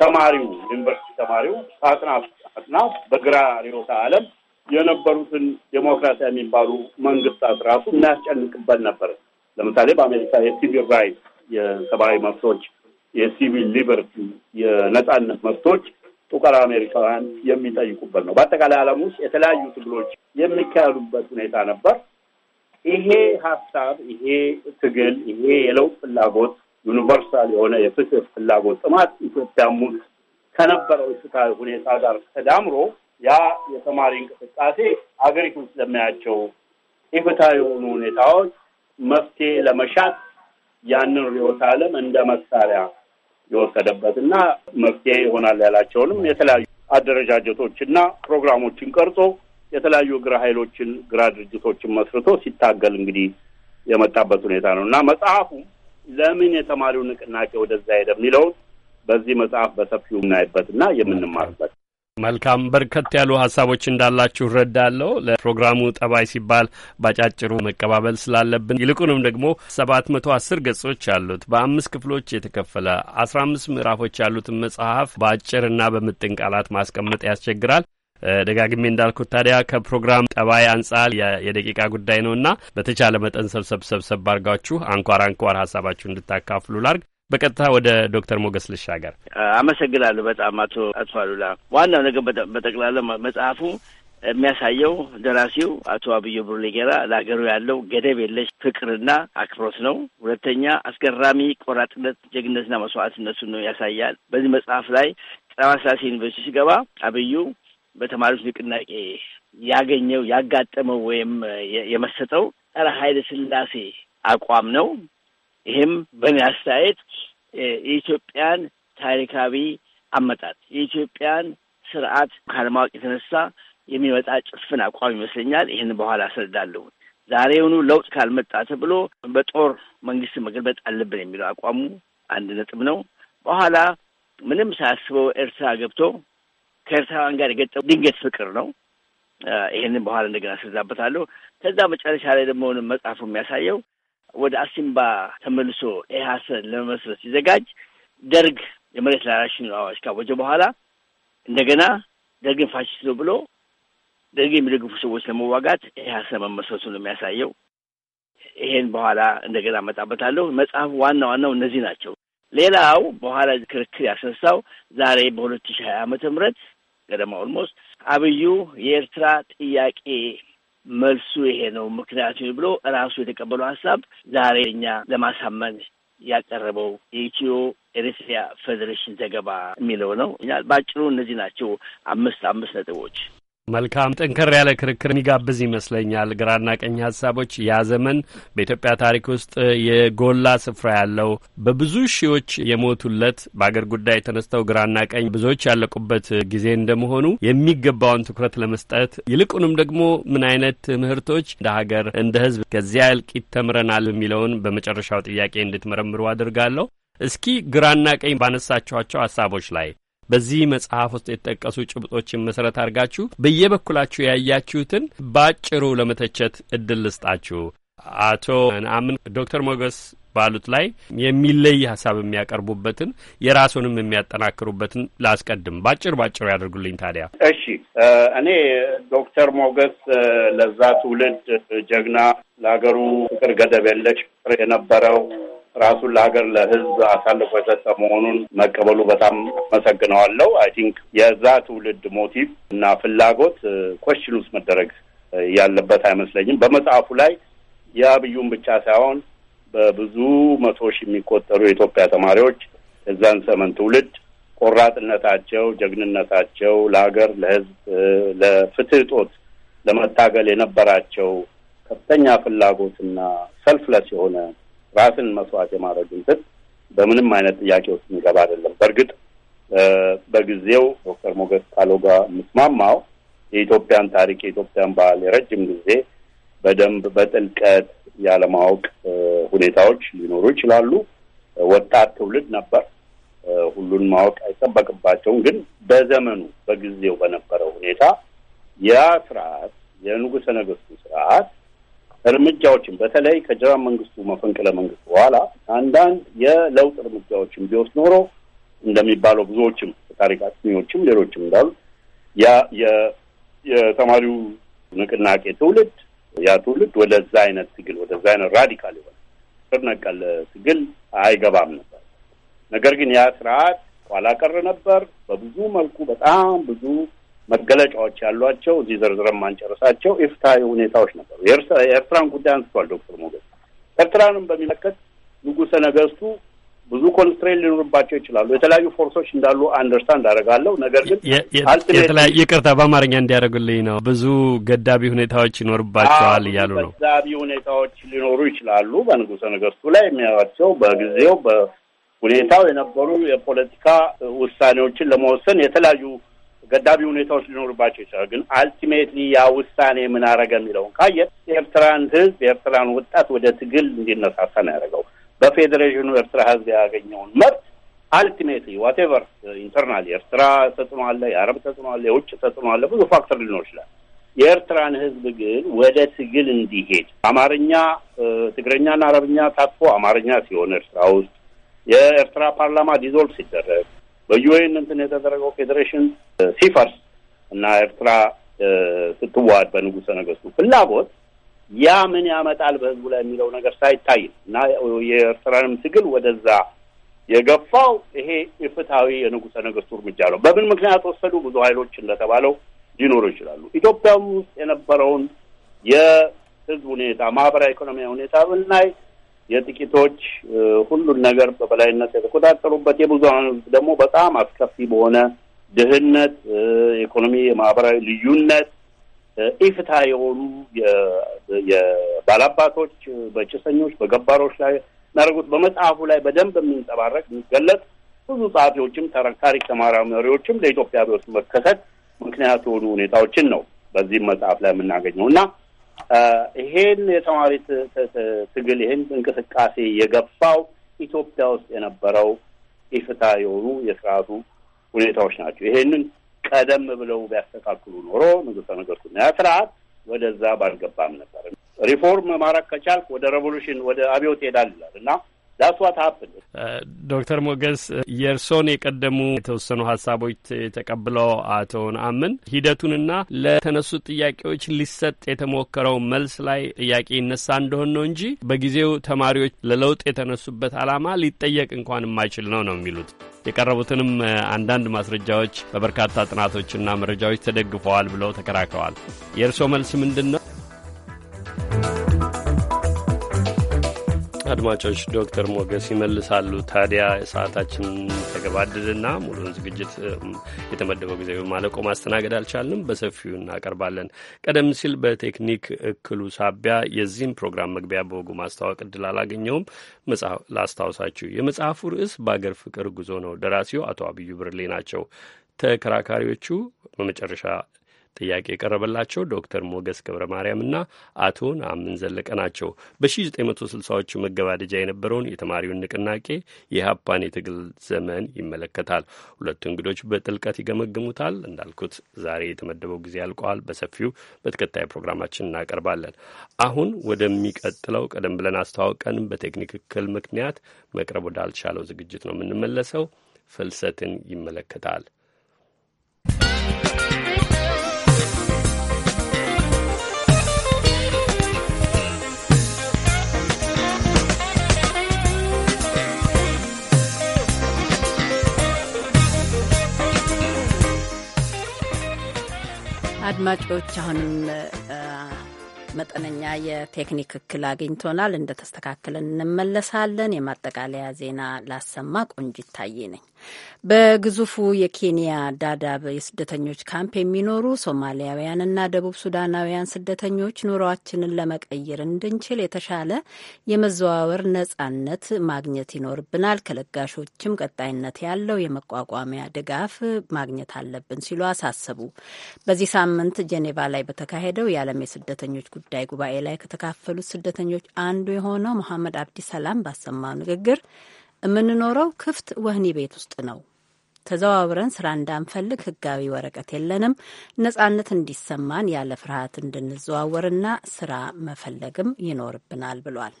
ተማሪው ዩኒቨርሲቲ ተማሪው አጥናፍ አጥናፍ በግራ ርዕዮተ ዓለም የነበሩትን ዴሞክራሲያ የሚባሉ መንግስታት ራሱ እናያስጨንቅበት ነበር። ለምሳሌ በአሜሪካ የሲቪል ራይት የሰብአዊ መብቶች፣ የሲቪል ሊበርቲ የነጻነት መብቶች ጥቁር አሜሪካውያን የሚጠይቁበት ነው። በአጠቃላይ ዓለም ውስጥ የተለያዩ ትግሎች የሚካሄዱበት ሁኔታ ነበር። ይሄ ሀሳብ፣ ይሄ ትግል፣ ይሄ የለውጥ ፍላጎት ዩኒቨርሳል የሆነ የፍትህ ፍላጎት ጥማት ኢትዮጵያም ውስጥ ከነበረው ስታ ሁኔታ ጋር ተዳምሮ ያ የተማሪ እንቅስቃሴ አገሪቱ ውስጥ ለሚያቸው ኢፍትሐዊ የሆኑ ሁኔታዎች መፍትሄ ለመሻት ያንን ርዕዮተ ዓለም እንደ መሳሪያ የወሰደበት እና መፍትሄ ይሆናል ያላቸውንም የተለያዩ አደረጃጀቶችና ፕሮግራሞችን ቀርጾ የተለያዩ ግራ ኃይሎችን ግራ ድርጅቶችን መስርቶ ሲታገል እንግዲህ የመጣበት ሁኔታ ነው እና መጽሐፉ ለምን የተማሪው ንቅናቄ ወደዛ ሄደ የሚለውን በዚህ መጽሐፍ በሰፊው እናይበት እና የምንማርበት መልካም በርከት ያሉ ሀሳቦች እንዳላችሁ እረዳለሁ። ለፕሮግራሙ ጠባይ ሲባል ባጫጭሩ መቀባበል ስላለብን ይልቁንም ደግሞ ሰባት መቶ አስር ገጾች ያሉት በአምስት ክፍሎች የተከፈለ አስራ አምስት ምዕራፎች ያሉትን መጽሐፍ በአጭርና በምጥን ቃላት ማስቀመጥ ያስቸግራል። ደጋግሜ እንዳልኩት ታዲያ ከፕሮግራም ጠባይ አንጻር የደቂቃ ጉዳይ ነውና በተቻለ መጠን ሰብሰብ ሰብሰብ አንኳር አንኳር ሀሳባችሁ እንድታካፍሉ ላርግ በቀጥታ ወደ ዶክተር ሞገስ ልሻገር። አመሰግናለሁ በጣም አቶ አቶ አሉላ። ዋናው ነገር በጠቅላላ መጽሐፉ የሚያሳየው ደራሲው አቶ አብዮ ብሩሌጌራ ለሀገሩ ያለው ገደብ የለሽ ፍቅርና አክብሮት ነው። ሁለተኛ አስገራሚ ቆራጥነት፣ ጀግነትና መስዋዕትነቱን ነው ያሳያል። በዚህ መጽሐፍ ላይ ጸባስላሴ ዩኒቨርሲቲ ሲገባ አብዩ በተማሪዎች ንቅናቄ ያገኘው ያጋጠመው ወይም የመሰጠው ጸረ ኃይለ ሥላሴ አቋም ነው። ይህም በእኔ አስተያየት የኢትዮጵያን ታሪካዊ አመጣት የኢትዮጵያን ስርዓት ካለማወቅ የተነሳ የሚመጣ ጭፍን አቋም ይመስለኛል። ይህን በኋላ አስረዳለሁ። ዛሬውኑ ለውጥ ካልመጣ ተብሎ በጦር መንግስት መገልበጥ አለብን የሚለው አቋሙ አንድ ነጥብ ነው። በኋላ ምንም ሳያስበው ኤርትራ ገብቶ ከኤርትራውያን ጋር የገጠው ድንገት ፍቅር ነው። ይህንን በኋላ እንደገና አስረዳበታለሁ። ከዛ መጨረሻ ላይ ደግሞ መጽሐፉ የሚያሳየው ወደ አሲምባ ተመልሶ ኢህአሰን ለመመስረት ሲዘጋጅ ደርግ የመሬት ላራሽን አዋጅ ካወጀ በኋላ እንደገና ደርግን ፋሽስት ነው ብሎ ደርግ የሚደግፉ ሰዎች ለመዋጋት ኢህአሰን መመስረቱ ነው የሚያሳየው። ይሄን በኋላ እንደገና እመጣበታለሁ። መጽሐፍ ዋና ዋናው እነዚህ ናቸው። ሌላው በኋላ ክርክር ያስነሳው ዛሬ በሁለት ሺህ ሀያ ዓመተ ምህረት ገደማ ኦልሞስት አብዩ የኤርትራ ጥያቄ መልሱ ይሄ ነው ምክንያቱ ብሎ ራሱ የተቀበለው ሀሳብ ዛሬ እኛ ለማሳመን ያቀረበው የኢትዮ ኤሪትሪያ ፌዴሬሽን ዘገባ የሚለው ነው። እኛ በአጭሩ እነዚህ ናቸው አምስት አምስት ነጥቦች። መልካም ጠንከር ያለ ክርክር የሚጋብዝ ይመስለኛል። ግራና ቀኝ ሀሳቦች ያ ዘመን በኢትዮጵያ ታሪክ ውስጥ የጎላ ስፍራ ያለው በብዙ ሺዎች የሞቱለት በአገር ጉዳይ ተነስተው ግራና ቀኝ ብዙዎች ያለቁበት ጊዜ እንደመሆኑ የሚገባውን ትኩረት ለመስጠት ይልቁንም ደግሞ ምን አይነት ትምህርቶች እንደ ሀገር፣ እንደ ሕዝብ ከዚያ እልቂት ተምረናል የሚለውን በመጨረሻው ጥያቄ እንድትመረምሩ አድርጋለሁ። እስኪ ግራና ቀኝ ባነሳችኋቸው ሀሳቦች ላይ በዚህ መጽሐፍ ውስጥ የተጠቀሱ ጭብጦችን መሰረት አድርጋችሁ በየበኩላችሁ ያያችሁትን በአጭሩ ለመተቸት እድል ልስጣችሁ። አቶ ነአምን ዶክተር ሞገስ ባሉት ላይ የሚለይ ሀሳብ የሚያቀርቡበትን የራሱንም የሚያጠናክሩበትን ላስቀድም። ባጭር ባጭሩ ያደርጉልኝ ታዲያ። እሺ፣ እኔ ዶክተር ሞገስ ለዛ ትውልድ ጀግና፣ ለሀገሩ ፍቅር ገደብ የለሽ የነበረው ራሱን ለሀገር ለህዝብ አሳልፎ የሰጠ መሆኑን መቀበሉ በጣም አመሰግነዋለሁ። አይ ቲንክ የዛ ትውልድ ሞቲቭ እና ፍላጎት ኮሽን ውስጥ መደረግ ያለበት አይመስለኝም። በመጽሐፉ ላይ የአብዩን ብቻ ሳይሆን በብዙ መቶ ሺህ የሚቆጠሩ የኢትዮጵያ ተማሪዎች የዛን ዘመን ትውልድ ቆራጥነታቸው፣ ጀግንነታቸው ለሀገር ለህዝብ ለፍትህ እጦት ለመታገል የነበራቸው ከፍተኛ ፍላጎትና ሰልፍለስ የሆነ ራስን መስዋዕት የማድረግ እንትን በምንም አይነት ጥያቄ ውስጥ የሚገባ አይደለም። በእርግጥ በጊዜው ዶክተር ሞገስ ካለው ጋር የምስማማው የኢትዮጵያን ታሪክ የኢትዮጵያን ባህል የረጅም ጊዜ በደንብ በጥልቀት ያለማወቅ ሁኔታዎች ሊኖሩ ይችላሉ። ወጣት ትውልድ ነበር። ሁሉን ማወቅ አይጠበቅባቸውም። ግን በዘመኑ በጊዜው በነበረው ሁኔታ ያ ስርዓት የንጉሰ ነገስቱ ስርዓት እርምጃዎችን በተለይ ከጀራ መንግስቱ መፈንቅለ መንግስት በኋላ አንዳንድ የለውጥ እርምጃዎችን ቢወስድ ኖሮ እንደሚባለው ብዙዎችም ታሪክ አጥኚዎችም ሌሎችም እንዳሉት ያ የተማሪው ንቅናቄ ትውልድ ያ ትውልድ ወደዛ አይነት ትግል ወደዛ አይነት ራዲካል የሆነ ስር ነቀል ትግል አይገባም ነበር። ነገር ግን ያ ስርዓት ኋላ ቀር ነበር። በብዙ መልኩ በጣም ብዙ መገለጫዎች ያሏቸው እዚህ ዘርዝረን ማንጨርሳቸው ኢፍትሐዊ ሁኔታዎች ነበሩ። የኤርትራን ጉዳይ አንስቷል ዶክተር ሞገስ። ኤርትራንም በሚመለከት ንጉሰ ነገስቱ ብዙ ኮንስትሬን ሊኖርባቸው ይችላሉ። የተለያዩ ፎርሶች እንዳሉ አንደርስታንድ አደርጋለሁ። ነገር ግን የተለያዩ ይቅርታ፣ በአማርኛ እንዲያደርጉልኝ ነው። ብዙ ገዳቢ ሁኔታዎች ይኖርባቸዋል እያሉ ነው። ገዳቢ ሁኔታዎች ሊኖሩ ይችላሉ በንጉሰ ነገስቱ ላይ የሚያቸው በጊዜው በሁኔታው የነበሩ የፖለቲካ ውሳኔዎችን ለመወሰን የተለያዩ ገዳቢ ሁኔታዎች ሊኖሩባቸው ይችላል። ግን አልቲሜትሊ ያ ውሳኔ ምን አረገ የሚለውን ካየ የኤርትራን ህዝብ የኤርትራን ወጣት ወደ ትግል እንዲነሳሳ ነው ያደረገው። በፌዴሬሽኑ ኤርትራ ህዝብ ያገኘውን መብት አልቲሜትሊ ዋቴቨር ኢንተርናል የኤርትራ ተጽዕኖ አለ፣ የአረብ ተጽዕኖ አለ፣ የውጭ ተጽዕኖ አለ፣ ብዙ ፋክተር ሊኖር ይችላል። የኤርትራን ህዝብ ግን ወደ ትግል እንዲሄድ አማርኛ፣ ትግረኛና አረብኛ ታጥፎ አማርኛ ሲሆን ኤርትራ ውስጥ የኤርትራ ፓርላማ ዲዞልቭ ሲደረግ በዩኤን እንትን የተደረገው ፌዴሬሽን ሲፈርስ እና ኤርትራ ስትዋሃድ በንጉሰ ነገስቱ ፍላጎት ያ ምን ያመጣል በህዝቡ ላይ የሚለው ነገር ሳይታይ እና የኤርትራንም ትግል ወደዛ የገፋው ይሄ የፍትሐዊ የንጉሰ ነገስቱ እርምጃ ነው። በምን ምክንያት ወሰዱ? ብዙ ኃይሎች እንደተባለው ሊኖሩ ይችላሉ። ኢትዮጵያ ውስጥ የነበረውን የህዝብ ሁኔታ፣ ማህበራዊ ኢኮኖሚያዊ ሁኔታ ብናይ የጥቂቶች ሁሉን ነገር በበላይነት የተቆጣጠሩበት የብዙሀን ህዝብ ደግሞ በጣም አስከፊ በሆነ ድህነት፣ ኢኮኖሚ፣ የማህበራዊ ልዩነት፣ ኢፍታ የሆኑ የባላባቶች በጭሰኞች በገባሮች ላይ ናደረጉት በመጽሐፉ ላይ በደንብ የሚንጸባረቅ የሚገለጥ ብዙ ጸሐፊዎችም ታሪክ ተመራማሪዎችም ለኢትዮጵያ አብዮት መከሰት ምክንያት የሆኑ ሁኔታዎችን ነው በዚህም መጽሐፍ ላይ የምናገኘው እና ይሄን የተማሪ ትግል ይህን እንቅስቃሴ የገፋው ኢትዮጵያ ውስጥ የነበረው ኢፍታ የሆኑ የስርዓቱ ሁኔታዎች ናቸው። ይሄንን ቀደም ብለው ቢያስተካክሉ ኖሮ ንጉሠ ነገሥቱና ያ ስርዓት ወደዛ ባልገባም ነበር። ሪፎርም ማራቅ ከቻልክ ወደ ሬቮሉሽን ወደ አብዮት ይሄዳል ይላል እና ዳስ ዋት ሀፕን ዶክተር ሞገስ የእርሶን የቀደሙ የተወሰኑ ሀሳቦች ተቀብለው አቶ ነአምን ሂደቱንና ለተነሱት ጥያቄዎች ሊሰጥ የተሞከረው መልስ ላይ ጥያቄ ይነሳ እንደሆን ነው እንጂ በጊዜው ተማሪዎች ለለውጥ የተነሱበት ዓላማ ሊጠየቅ እንኳን የማይችል ነው ነው የሚሉት። የቀረቡትንም uh, አንዳንድ ማስረጃዎች በበርካታ ጥናቶችና መረጃዎች ተደግፈዋል ብለው ተከራክረዋል። የእርሶ መልስ ምንድን ነው? አድማጮች ዶክተር ሞገስ ይመልሳሉ። ታዲያ ሰዓታችን ተገባደደና ሙሉን ዝግጅት የተመደበው ጊዜ ማለቆ ማስተናገድ አልቻልንም። በሰፊው እናቀርባለን። ቀደም ሲል በቴክኒክ እክሉ ሳቢያ የዚህም ፕሮግራም መግቢያ በወጉ ማስተዋወቅ እድል አላገኘውም። ላስታውሳችሁ፣ የመጽሐፉ ርዕስ በአገር ፍቅር ጉዞ ነው። ደራሲው አቶ አብዩ ብርሌ ናቸው። ተከራካሪዎቹ በመጨረሻ ጥያቄ የቀረበላቸው ዶክተር ሞገስ ገብረ ማርያምና አቶ አምን ዘለቀ ናቸው። በ1960ዎቹ መገባደጃ የነበረውን የተማሪውን ንቅናቄ የሀፓን የትግል ዘመን ይመለከታል። ሁለቱ እንግዶች በጥልቀት ይገመግሙታል። እንዳልኩት ዛሬ የተመደበው ጊዜ ያልቀዋል። በሰፊው በተከታይ ፕሮግራማችን እናቀርባለን። አሁን ወደሚቀጥለው ቀደም ብለን አስተዋውቀን በቴክኒክ እክል ምክንያት መቅረብ ወዳልቻለው ዝግጅት ነው የምንመለሰው። ፍልሰትን ይመለከታል። አድማጮች አሁንም መጠነኛ የቴክኒክ እክል አግኝቶናል። እንደተስተካከለን እንመለሳለን። የማጠቃለያ ዜና ላሰማ ቆንጂት ታዬ ነኝ። በግዙፉ የኬንያ ዳዳብ የስደተኞች ካምፕ የሚኖሩ ሶማሊያውያንና ደቡብ ሱዳናውያን ስደተኞች ኑሯችንን ለመቀየር እንድንችል የተሻለ የመዘዋወር ነጻነት ማግኘት ይኖርብናል፣ ከለጋሾችም ቀጣይነት ያለው የመቋቋሚያ ድጋፍ ማግኘት አለብን ሲሉ አሳሰቡ። በዚህ ሳምንት ጄኔቫ ላይ በተካሄደው የዓለም የስደተኞች ጉዳይ ጉባኤ ላይ ከተካፈሉት ስደተኞች አንዱ የሆነው መሐመድ አብዲ ሰላም ባሰማው ንግግር የምንኖረው ክፍት ወህኒ ቤት ውስጥ ነው። ተዘዋውረን ስራ እንዳንፈልግ ህጋዊ ወረቀት የለንም። ነጻነት እንዲሰማን ያለ ፍርሃት እንድንዘዋወርና ስራ መፈለግም ይኖርብናል ብሏል።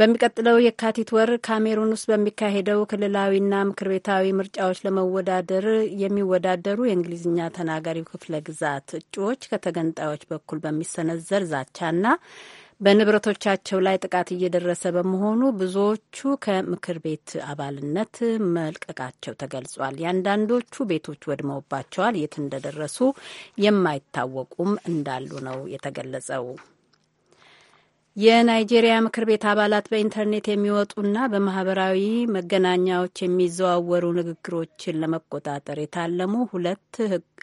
በሚቀጥለው የካቲት ወር ካሜሩን ውስጥ በሚካሄደው ክልላዊና ምክር ቤታዊ ምርጫዎች ለመወዳደር የሚወዳደሩ የእንግሊዝኛ ተናጋሪው ክፍለ ግዛት እጩዎች ከተገንጣዮች በኩል በሚሰነዘር ዛቻና በንብረቶቻቸው ላይ ጥቃት እየደረሰ በመሆኑ ብዙዎቹ ከምክር ቤት አባልነት መልቀቃቸው ተገልጿል። የአንዳንዶቹ ቤቶች ወድመውባቸዋል። የት እንደደረሱ የማይታወቁም እንዳሉ ነው የተገለጸው። የናይጄሪያ ምክር ቤት አባላት በኢንተርኔት የሚወጡና በማህበራዊ መገናኛዎች የሚዘዋወሩ ንግግሮችን ለመቆጣጠር የታለሙ ሁለት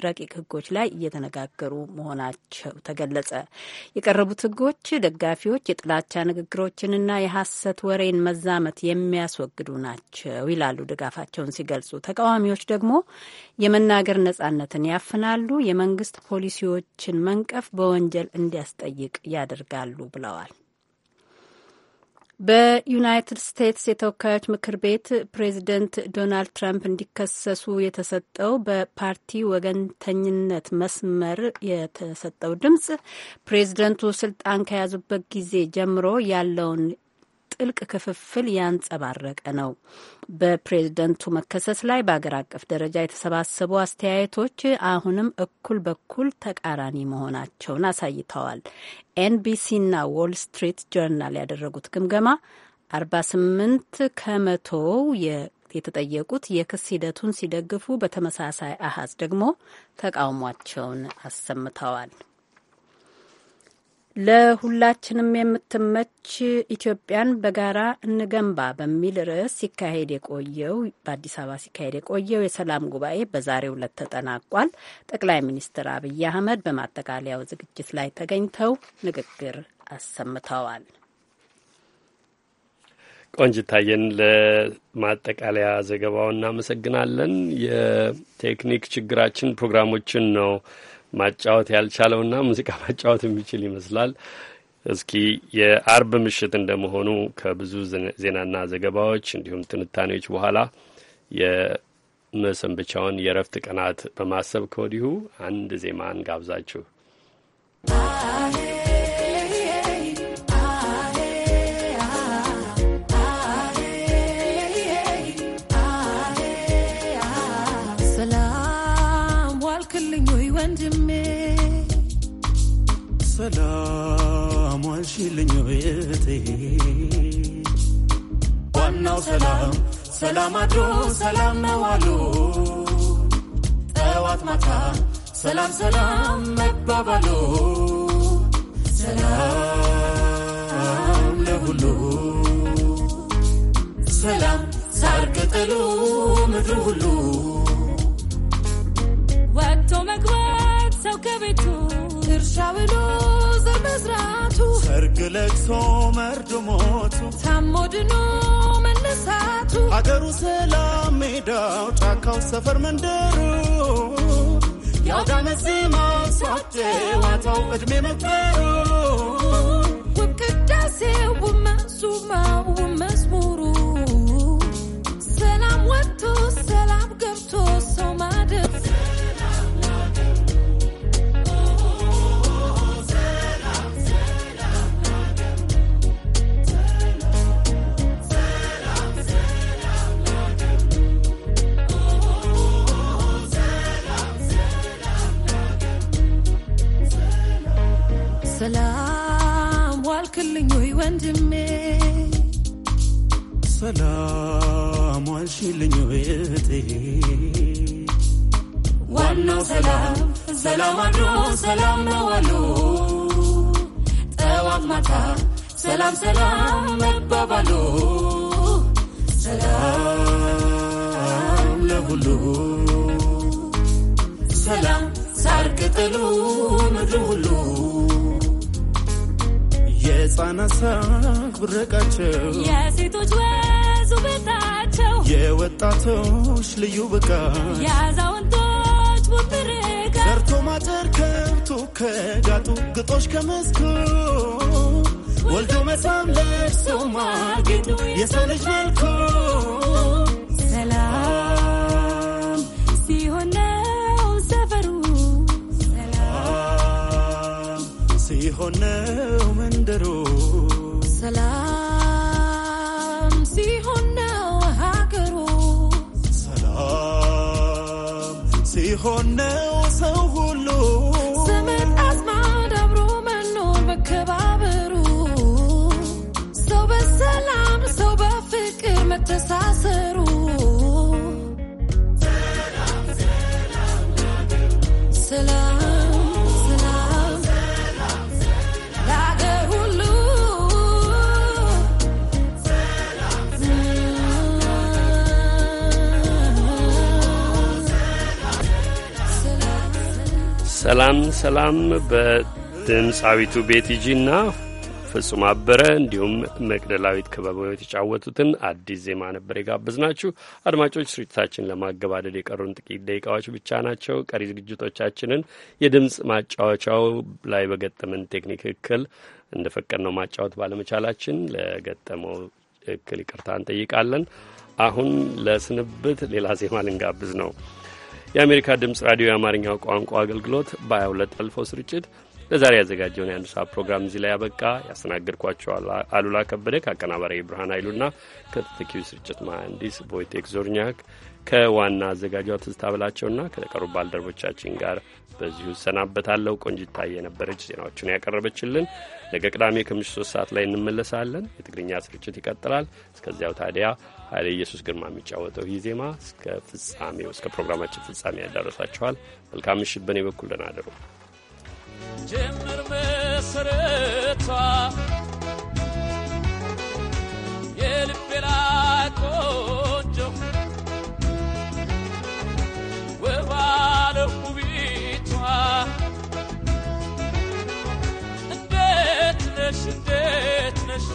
ረቂቅ ህጎች ላይ እየተነጋገሩ መሆናቸው ተገለጸ። የቀረቡት ህጎች ደጋፊዎች የጥላቻ ንግግሮችንና የሐሰት ወሬን መዛመት የሚያስወግዱ ናቸው ይላሉ ድጋፋቸውን ሲገልጹ። ተቃዋሚዎች ደግሞ የመናገር ነጻነትን ያፍናሉ፣ የመንግስት ፖሊሲዎችን መንቀፍ በወንጀል እንዲያስጠይቅ ያደርጋሉ ብለዋል። በዩናይትድ ስቴትስ የተወካዮች ምክር ቤት ፕሬዚደንት ዶናልድ ትራምፕ እንዲከሰሱ የተሰጠው በፓርቲ ወገንተኝነት መስመር የተሰጠው ድምጽ ፕሬዚደንቱ ስልጣን ከያዙበት ጊዜ ጀምሮ ያለውን ጥልቅ ክፍፍል ያንጸባረቀ ነው። በፕሬዝደንቱ መከሰስ ላይ በአገር አቀፍ ደረጃ የተሰባሰቡ አስተያየቶች አሁንም እኩል በኩል ተቃራኒ መሆናቸውን አሳይተዋል። ኤንቢሲና ዎል ስትሪት ጆርናል ያደረጉት ግምገማ 48 ከመቶው የተጠየቁት የክስ ሂደቱን ሲደግፉ፣ በተመሳሳይ አሀዝ ደግሞ ተቃውሟቸውን አሰምተዋል። ለሁላችንም የምትመች ኢትዮጵያን በጋራ እንገንባ በሚል ርዕስ ሲካሄድ የቆየው በአዲስ አበባ ሲካሄድ የቆየው የሰላም ጉባኤ በዛሬው ዕለት ተጠናቋል። ጠቅላይ ሚኒስትር አብይ አህመድ በማጠቃለያው ዝግጅት ላይ ተገኝተው ንግግር አሰምተዋል። ቆንጅታየን ለማጠቃለያ ዘገባው እናመሰግናለን። የቴክኒክ ችግራችን ፕሮግራሞችን ነው ማጫወት ያልቻለውና ሙዚቃ ማጫወት የሚችል ይመስላል። እስኪ የአርብ ምሽት እንደመሆኑ ከብዙ ዜናና ዘገባዎች እንዲሁም ትንታኔዎች በኋላ የመሰንበቻውን የእረፍት ቀናት በማሰብ ከወዲሁ አንድ ዜማን ጋብዛችሁ ሰላም ዋልሽልኝ ቤቴ ዋናው ሰላም ሰላም አድሮ ሰላም መዋሉ ጠዋት ማታ ሰላም ሰላም መባባሉ ሰላም ለሁሉ ሰላም ሳር ቅጠሉ ምድር ሁሉ ወጥቶ መግባት ሰው ከቤቱ ድርሻ ብሎ ዘር መዝራቱ ሰርግ፣ ለቅሶ፣ መርዶ፣ ሞቱ ታሞ መነሳቱ አገሩ ሰላም ሜዳው ጫካው ሰፈር መንደሩ ያውዳመሴ ማሳቴ ዋታው ዕድሜ መክበሩ ውብ ቅዳሴ ውብ ሰላም ወጥቶ ሰላም ገብቶ ሰው ማደር ሰላም ዋልክልኝ ወይ ወንድሜ ሰላም ዋልሽልኝ ወይ እህቴ ዋናው ሰላም ሰላም አድሮ ሰላም ነው አሉ ጠዋት ማታ ሰላም ሰላም መባባሉ ሰላም ለሁሉ ሰላም ሳር ቅጠሉ ምድር ሁሉ ሕፃናት ሳቅ ብረቃቸው የሴቶች ወዙ ቤታቸው የወጣቶች ልዩ ብቃ የአዛውንቶች ቡብርቃ ሰርቶ ማጨር ከብቶ ከጋጡ ግጦሽ ከመስኩ ወልዶ መሳም ለብሶ ማጌጡ የሰው ልጅ መልኩ ሲሆነው መንደሩ ሰላም ሲሆነው ሀገሩ ሰላም ሲሆነው ሰው ሁሉ ዘመድ አዝማድ አብሮ መኖር መከባበሩ ሰው በሰላም ሰው በፍቅር መተሳሰሩ ሰላም ሰላም በድምፃዊቱ ቤቲጂ እና ፍጹም አበረ እንዲሁም መቅደላዊት ክበበው የተጫወቱትን አዲስ ዜማ ነበር የጋበዝናችሁ። አድማጮች ስርጭታችን ለማገባደድ የቀሩን ጥቂት ደቂቃዎች ብቻ ናቸው። ቀሪ ዝግጅቶቻችንን የድምፅ ማጫወቻው ላይ በገጠመን ቴክኒክ እክል እንደፈቀድነው ማጫወት ባለመቻላችን ለገጠመው እክል ይቅርታ እንጠይቃለን። አሁን ለስንብት ሌላ ዜማ ልንጋብዝ ነው። የአሜሪካ ድምፅ ራዲዮ የአማርኛው ቋንቋ አገልግሎት በ22 ጠልፎ ስርጭት ለዛሬ ያዘጋጀውን የአንድ ሰዓት ፕሮግራም እዚህ ላይ ያበቃ። ያስተናገድኳቸው አሉላ ከበደ ከአቀናባሪ ብርሃን ኃይሉና ከተተኪው ስርጭት መሐንዲስ ቮይቴክ ዞርኛክ ከዋና አዘጋጇ ትዝታ ብላቸውና ከተቀሩ ባልደረቦቻችን ጋር በዚሁ እሰናበታለሁ። ቆንጅታ የነበረች ዜናዎቹን ያቀረበችልን። ነገ ቅዳሜ ከምሽቱ ሶስት ሰዓት ላይ እንመለሳለን። የትግርኛ ስርጭት ይቀጥላል። እስከዚያው ታዲያ ኃይለ ኢየሱስ ግርማ የሚጫወተው ይህ ዜማ እስከ ፍጻሜው እስከ ፕሮግራማችን ፍጻሜ ያዳረሳችኋል። መልካም ምሽት። በእኔ በኩል ደህና አደሩ። ጀምር መሰረቷ የልቤ ነሽ እንዴት ነሽ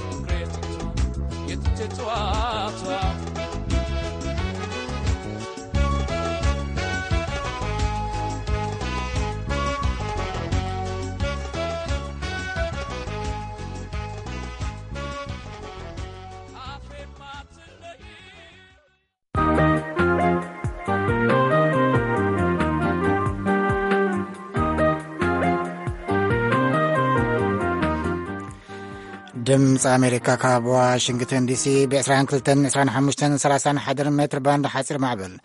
ድምፂ ኣሜሪካ ካብ ዋሽንግተን ዲሲ ብ2 2 2 5 3 1 ሜትርባንድ ሓፂር ማዕበል